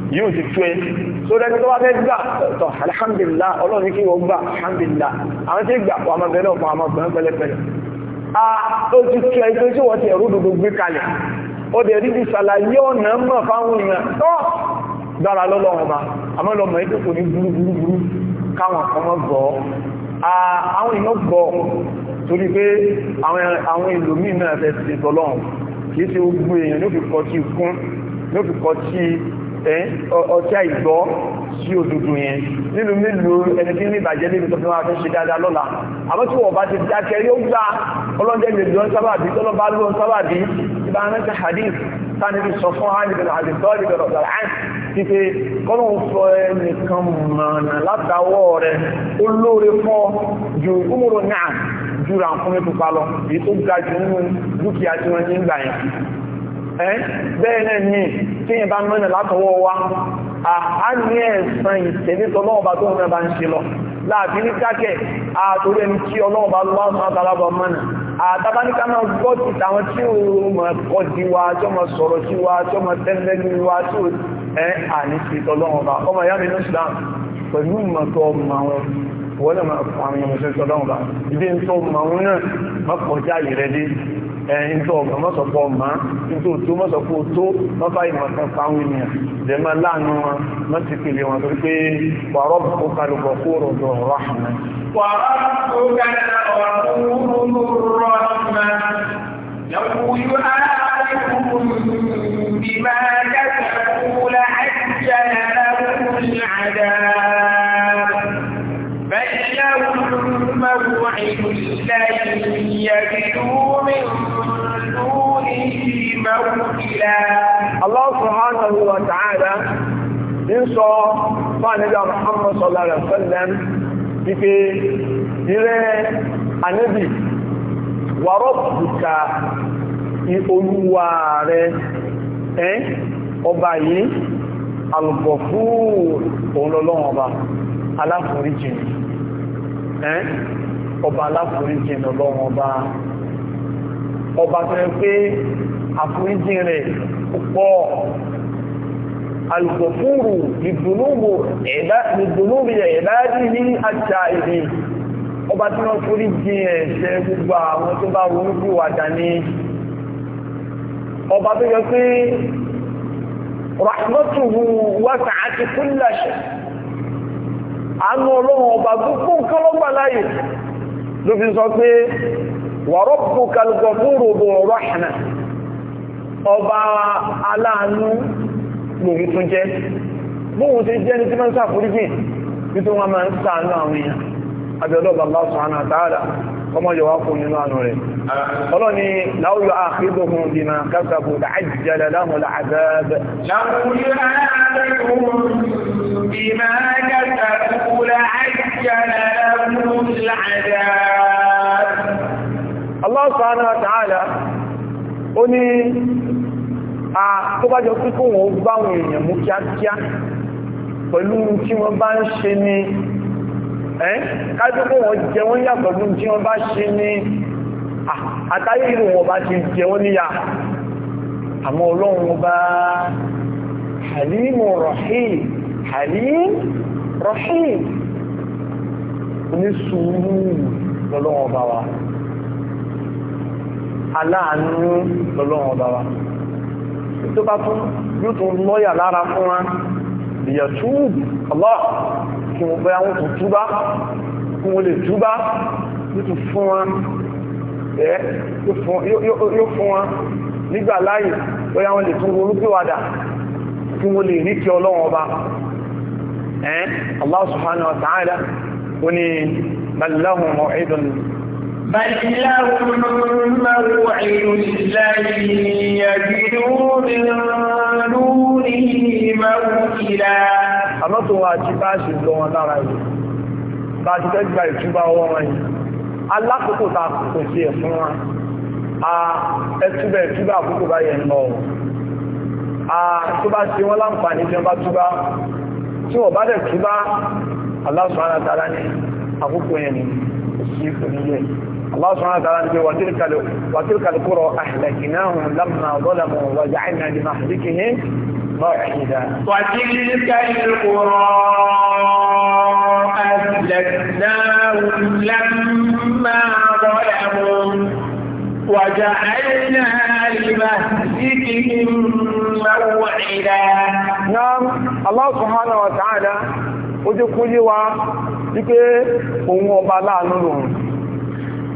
yóò ti tó ẹ tó rẹ tó wá fẹ́ gbà tọ́ alhamdulillah ọlọ́run ní kí wọ́n gbà alhamdulillah àwọn tí gbà wọ́n máa bẹ̀rẹ̀ ọ̀pọ̀ àwọn ọ̀gbọ̀n pẹ̀lẹ́pẹ̀lẹ́ a ó ti tó ẹ tó tí wọ́n ti ẹ̀rú dodo gbé kalẹ̀ ó dẹ̀ rí ti ṣàlàyé ọ̀nà mọ̀ fáwọn èèyàn tọ́ dára lọ́lọ́run ọba àmọ́ lọ́mọ ètò kò ní burúburú káwọn kan mọ́ gbọ́ àwọn èèyàn gbọ́ torí pé àwọn ìlòmíì náà fẹ́ ti tọ́lọ́run kìí ṣe gbogbo èèyàn ló fi kọ́ sí ikún ló fi kọ́ sí ọtí àìgbọ́ sí òdòdó yẹn nínú mélòó ẹni tí ń bàjẹ́ níbi tó fi máa fi ṣe dáadáa lọ́la àmọ́ tí wọ́n bá ti dákẹ́ yóò gbá ọlọ́jẹ́ mélòó sábàbí tọ́lọ́ bá lóun sábàbí ìbá rántí hadith tani bí sọ fún hàn ìbẹ̀rẹ̀ àdìsọ́ ìbẹ̀rẹ̀ ọ̀gbàrán ti pé kọ́lọ̀ ń sọ ẹnìkan mọ̀nà látàwọ́ rẹ̀ ó lóore fọ́ ju umuru náà ju ràǹkúnmí pupa lọ èyí tó ga jù nínú dúkìá tí wọ́n ti ń gbà yẹn bẹ́ẹ̀ náà ní tí ìbá mẹ́nà látọwọ́ wa a ní ẹ̀sàn ìtẹ̀lé tọ́lọ́ọ̀bá tó mẹ́bá ń ṣe lọ láàbí ní kákẹ̀ àtòrí ẹni tí ọlọ́ọ̀bá lọ́wọ́ àtàlábà mọ́nà àtàbáníká náà gbọ́ ti tàwọn tí ó mọ̀ kọ́ di wa tí ó mọ̀ sọ̀rọ̀ sí wa tí ó mọ̀ tẹ́lẹ̀ ní wa tí ó ẹ́ àní sí tọ́lọ́ọ̀bá ọmọ ìyá mi ní Islam pẹ̀lú mọ̀tọ́ ọmọ àwọn wọ́n lè máa fún àwọn ọmọ ìṣẹ́ tọ́lọ́ọ̀bá ilé ń tọ́ ọmọ náà mọ́kànjá ìrẹ́dé ẹ̀yìn tó ọmọ mọ́sọ̀pọ̀ ọmọ nítorí tó mọ́sọ̀pọ̀ tó lọ́fà ìmọ̀tàn fáwọn ènìyàn jẹ́ máa láàánú wọn mọ́sí pèlè wọn torí pé wàrọ̀ kó kalùbọ̀ kó rọ̀dọ̀ ọ̀rọ̀ موعد لن الله سبحانه وتعالى nísọ fánilá Muhammad sallallahu alaihi wasallam wípé ilẹ̀ ànábì wa rabbuka olúwa rẹ̀ ẹ́ ọba yìí al-Ghafur òun lọ́lọ́wọ́n ọba aláforíjì ọba aláforíjì lọ́wọ́ ọba ọba tó yẹ pé àforíjì rẹ̀ púpọ̀ alùpùpùrù ìdùnnúbi ẹ̀dáàdì ní àṣà ìdí ọba tí wọ́n forí jí ẹ̀ṣẹ̀ gbogbo àwọn tó bá ronú bí wàdà ní ọba tó yẹ pé rahmatuhu wasa àti kúlàṣẹ́ àánú ọlọ́run ọba gbogbo nǹkan ló gbà láàyè ló fi sọ pé wa rabbukal ghafuru dhu rahma ọba aláàánú lòun tún jẹ́ bóun ti jẹ́ ní tí máa ń sàforíjì nítorí wọn máa ń sàánú àwọn èèyàn ọmọ yọwá fún nínú àánú rẹ̀ ọlọ́ni láwùyọ àkídòhun bí ma kákàbù àjíjẹlẹ̀ láhùn láàbẹ̀ẹ́bẹ̀ Allah subhanahu wa ta'ala ó ní a tó bá jọ ẹ́ eh? kájúkú wọn jẹ wọ́n yàtọ̀ fún tí wọ́n bá ṣe ní àtàyè ìlú wọn bá ti jẹ wọ́n níyà àmọ́ ọlọ́run bá halimu rahim halim rahim onísùúrù lọ́lọ́run bá wa aláàánú lọ́lọ́run bá wa tó bá tún yóò tún lọ́yà lára fún wa ìyà túùbù Allah kí wọ́n bẹ́ àwọn túbá kí wọ́n lè túbá nítù fún wọn ẹ́ yóò fún wọn nígbà láyé lọ́yà wọn lè tún olúgbéwàdà kí wọ́n lè rí kí ọlọ́wọ́n ọba ẹ́ Allah subhanahu wa ta'ala ó ní mẹ́lẹ́hùn mọ̀ بل لهم موعد لن يجدوا من دونه موئلا àmọ́ tó wá ti bá ṣe lọ wọn lára ìlú bá ti fẹ́ gba ìtúbà ọwọ́ wọn yìí alákòókò ta kò sí ẹ̀ fún wa a ẹtúbẹ̀ ìtúbà àkókò bá yẹn lọ a tó bá ṣe wọ́n láǹfààní tí bá túbá tí wọ́n bá dẹ̀ túbá Allah الله سبحانه وتعالى يقول وتلك وتلك القرى أهلكناهم لما ظلموا وجعلنا لمهلكهم موعدا وتلك القرى أهلكناهم لما ظلموا وجعلنا لمهلكهم موعدا نعم الله سبحانه وتعالى ó jẹ́ kó yé wa wípé òun ọba láàánú lòun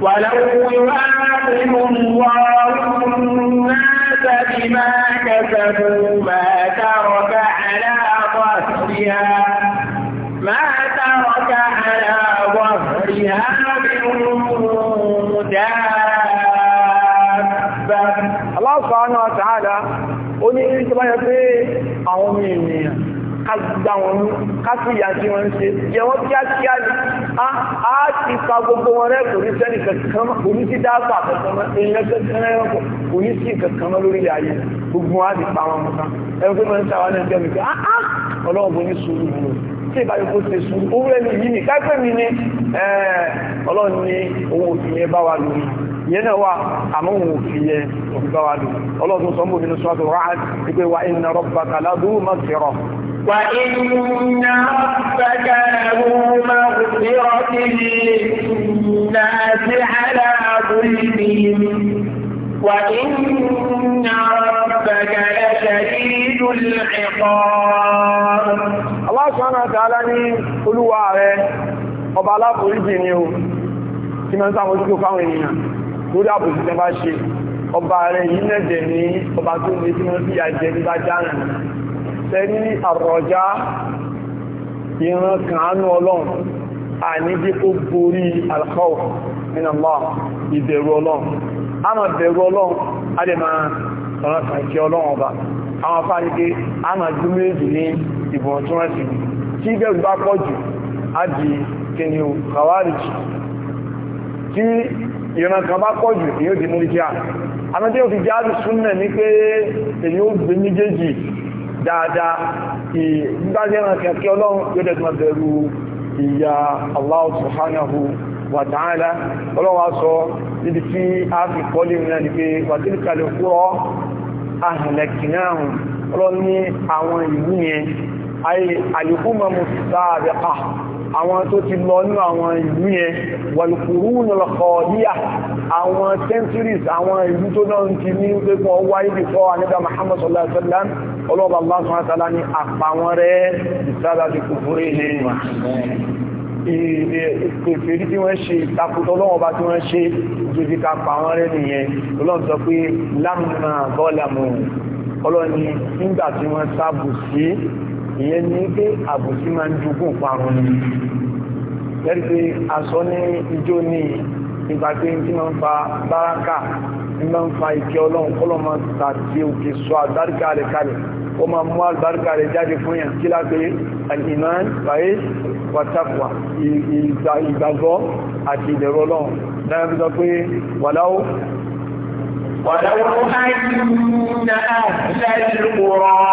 ولو يؤاخذ الله الناس بما كسبوا ما ترك على ظهرها ما ترك على ظهرها من دابة الله سبحانه وتعالى قل إن ìjọba yẹ pé ká gbá wọn mú ká sì yà sí wọn ṣe jẹ wọn kíákíá ni a ti fa gbogbo wọn rẹ kò ní sẹ́ni kankan mọ́ kò ní sí dáàbò àkọ́kọ́ mọ́ èèyàn kankan rẹ kò kò ní sí kankan mọ́ lórí ayé gbogbo wọn á ti pa wọn mọ́ kan ẹni pé wọ́n ń sáwọn ẹni jẹ́ mi pé ọlọ́run bó ní sùúrù wúlò tí ìbáyọ̀ kó ṣe sùúrù owó ẹni yìí ni kápẹ́ mi ni ọlọ́run ní owó òfin yẹn bá wa lórí yẹn náà wà àmọ́ òun òfin yẹn òfin bá wa lórí ọlọ́run sọ mọ́ òfin sọ́tò rà á ti pé wa inna rabbaka ladu maghfirah وَإِنَّ ربك لهو مغفرة للناس على ظلمهم وإن ربك لشديد العقاب الله سبحانه وتعالى ní olúwa rẹ̀ ọba aláforíjì ni o tí mẹ́ ń sàmójútó fáwọn ènìyàn lórí àbòsí tẹ́ bá ṣe ọba rẹ̀ yìí nẹ́jẹ̀ ní ọba tó lè tí wọ́n sí àjẹ́ nígbà jáàrùn tẹ́rí àrọ̀já ìran kàánú ọlọ́run a ní bí ó borí al-khawf min Allah ìbẹ̀rù ọlọ́run a máa bẹ̀rù ọlọ́run a lè máa ọ̀rọ̀ kàkí ọlọ́run ọba àwọn afá ní pé a máa jú méjì ní ìbọn tí wọ́n sì tí bẹ̀rù bá pọ̀ jù á di dáadáa ìgbàjẹ́ràn kẹ̀kẹ́ ọlọ́run yóò dẹ̀ tún bẹ̀rù ìyà Allah subhanahu wa ta'ala ọlọ́wà sọ níbi tí a fi kọ́lé ìrìnà ní pé wà tí ní kalẹ̀ kúrọ ahìnlẹ̀kìnáhùn ọlọ́ ní àwọn tó ti lọ nínú àwọn ìlú yẹn wọ̀lùkùrú nìlọ̀kọ̀ọ́díyà àwọn centuries àwọn ìlú tó náà ti ní pẹ́kọ̀ wáyé bífọ́ anẹ́dà Muhammad sallallahu alaihi wasallam ọlọ́ọ̀bà Allah subhanahu wa ta'ala ni àpàwọn rẹ̀ ìsára ti kòkòrò ilé ìmọ̀ ìpèfèrí tí wọ́n ṣe ìtakùtọ̀ lọ́wọ́ bá tí wọ́n ṣe ìjòjì ká pa wọ́n rẹ̀ nígbà tí wọ́n sábù sí ìyẹn ní pé àbòsí máa ń dúgùn parun ni lẹ́rí pé aṣọ ní ijó ní ìgbà pé tí máa ń fa báràkà tí máa ń fa ìkẹ́ ọlọ́run kọ́lọ́ máa tàbí òkè sọ àgbáríkà rẹ̀ kalẹ̀ ó máa mú àgbáríkà rẹ̀ jáde fún yàn kí lápé al-iman báyé wàtàkùwà ìgbàgbọ́ àti ìdẹ̀rọ ọlọ́run dáadáa ولو أن أهل القرى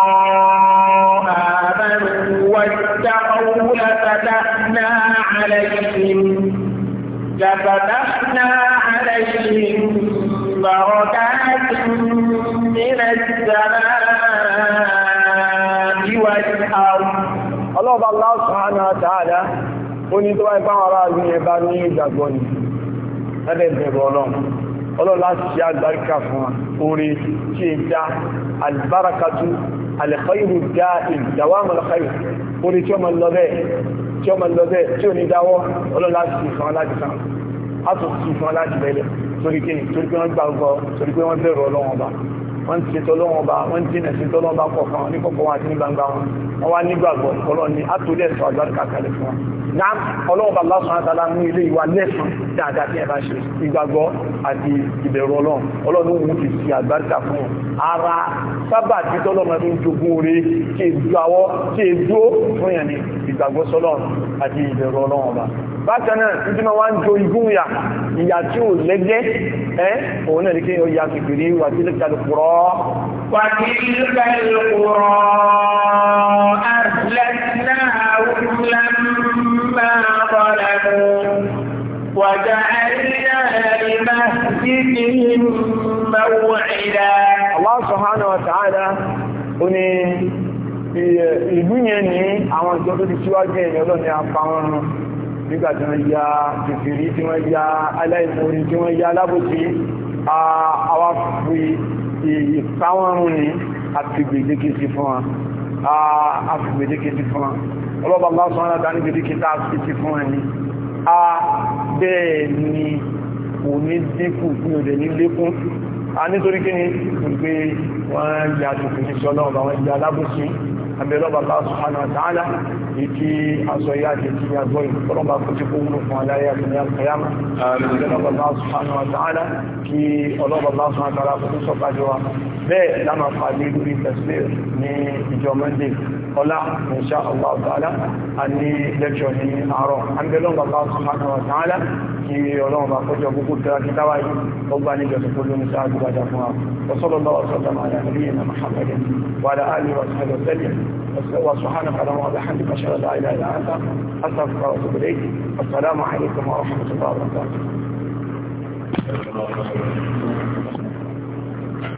لفتحنا عليهم بركات من السماء والأرض الله الله سبحانه وتعالى ó ní tó wáyé fáwọn aráàlú yẹn bá ní ìgbàgbọ́ ni ọlọ́lá sí àgbàríkà fún orí tí è dá albarakatu alkhairu dáìm dawam alkhairu orí tí ó ma lọ bẹ́ẹ̀ tí ó ma lọ bẹ́ẹ̀ tí ó ní dáwọ́ ọlọ́lá sí fún aláti sàn á wọ́n ti tọ́lọ́wọ́n bá wọ́n ti nà sí tọ́lọ́wọ́n bá kọ̀ọ̀kan ní kọ̀kọ́ wọn àti ní gbangba wọn wọ́n wá nígbàgbọ́ ọlọ́run ni a tó lẹ́sọ̀ àgbàríkà kalẹ̀ fún wọn náà ọlọ́run bá lásán àtàlà mú ilé ìwà lẹ́sàn dáadáa tí ẹ bá ṣe ìgbàgbọ́ àti ìbẹ̀rù ọlọ́run ọlọ́run mú ti sí àgbàríkà fún wọn ara sábà tí tọ́lọ́run tó ń jogún orí kí èdúwọ́ kí èdúó fún ni ìgbàgbọ́ sọlọ́run àti ìbẹ̀rù ọlọ́run ọba ya kìkìrí wà sí lẹ́kàlùkùrọ́ وتلك القرى أهلكناهم لما ظلموا وجعلنا لمسجدهم موعدا الله سبحانه وتعالى أني ìlú yẹn ní àwọn ìjọ tó ti síwájú ẹ̀yìn ọlọ́ni apá nígbà tí wọ́n ya kìfìrí tí wọ́n ya aláìmọ̀rí tí wọ́n ya alábòsí àwọn fi àti ìkáwọ́rún ni àti gbèdékèsí fún wa àti gbèdékèsí fún wa ọlọ́bà bá sọ ọ́nà dání gbèdékèsí àti ti fún ẹni a bẹ́ẹ̀ ni kò ní dínkù ní òdè ní lékún a nítorí kí ni gbé wọ́n ya tuntun ní sọ́lọ́ ọba wọ́n ya alábòsí abẹ́lọ́bà bá sùhánà tààlà ìtí aṣọ ìyá àti ìtí ní agbóyìn ọlọ́bà kò tí kó wúlò fún aláyé àti ní àkàyàmà abẹ́lọ́bà bá sùhánà tààlà kí ọlọ́bà bá sùhánà tààlà kò tí sọ́kájọ wa bẹ́ẹ̀ lámà pàdé lórí tẹ̀sílẹ̀ ní ìjọ mọ́ndé ọlá insha Allah ta'ala a ní lẹ́kṣọ̀ ní àárọ̀ abẹ́lọ́bà bá sùhánà tààlà kí ọlọ́bà kọjọ gbogbo tẹ́ra kí táwáyé ọgbà ní ìjọ والأموات وصلى الله وسلم على نبينا محمد وعلى آله وصحبه وسلم وسبحانه على موضع حمد ما شاء الله لا إله إلا أنت أسرق وأتوب إليك السلام عليكم ورحمة الله وبركاته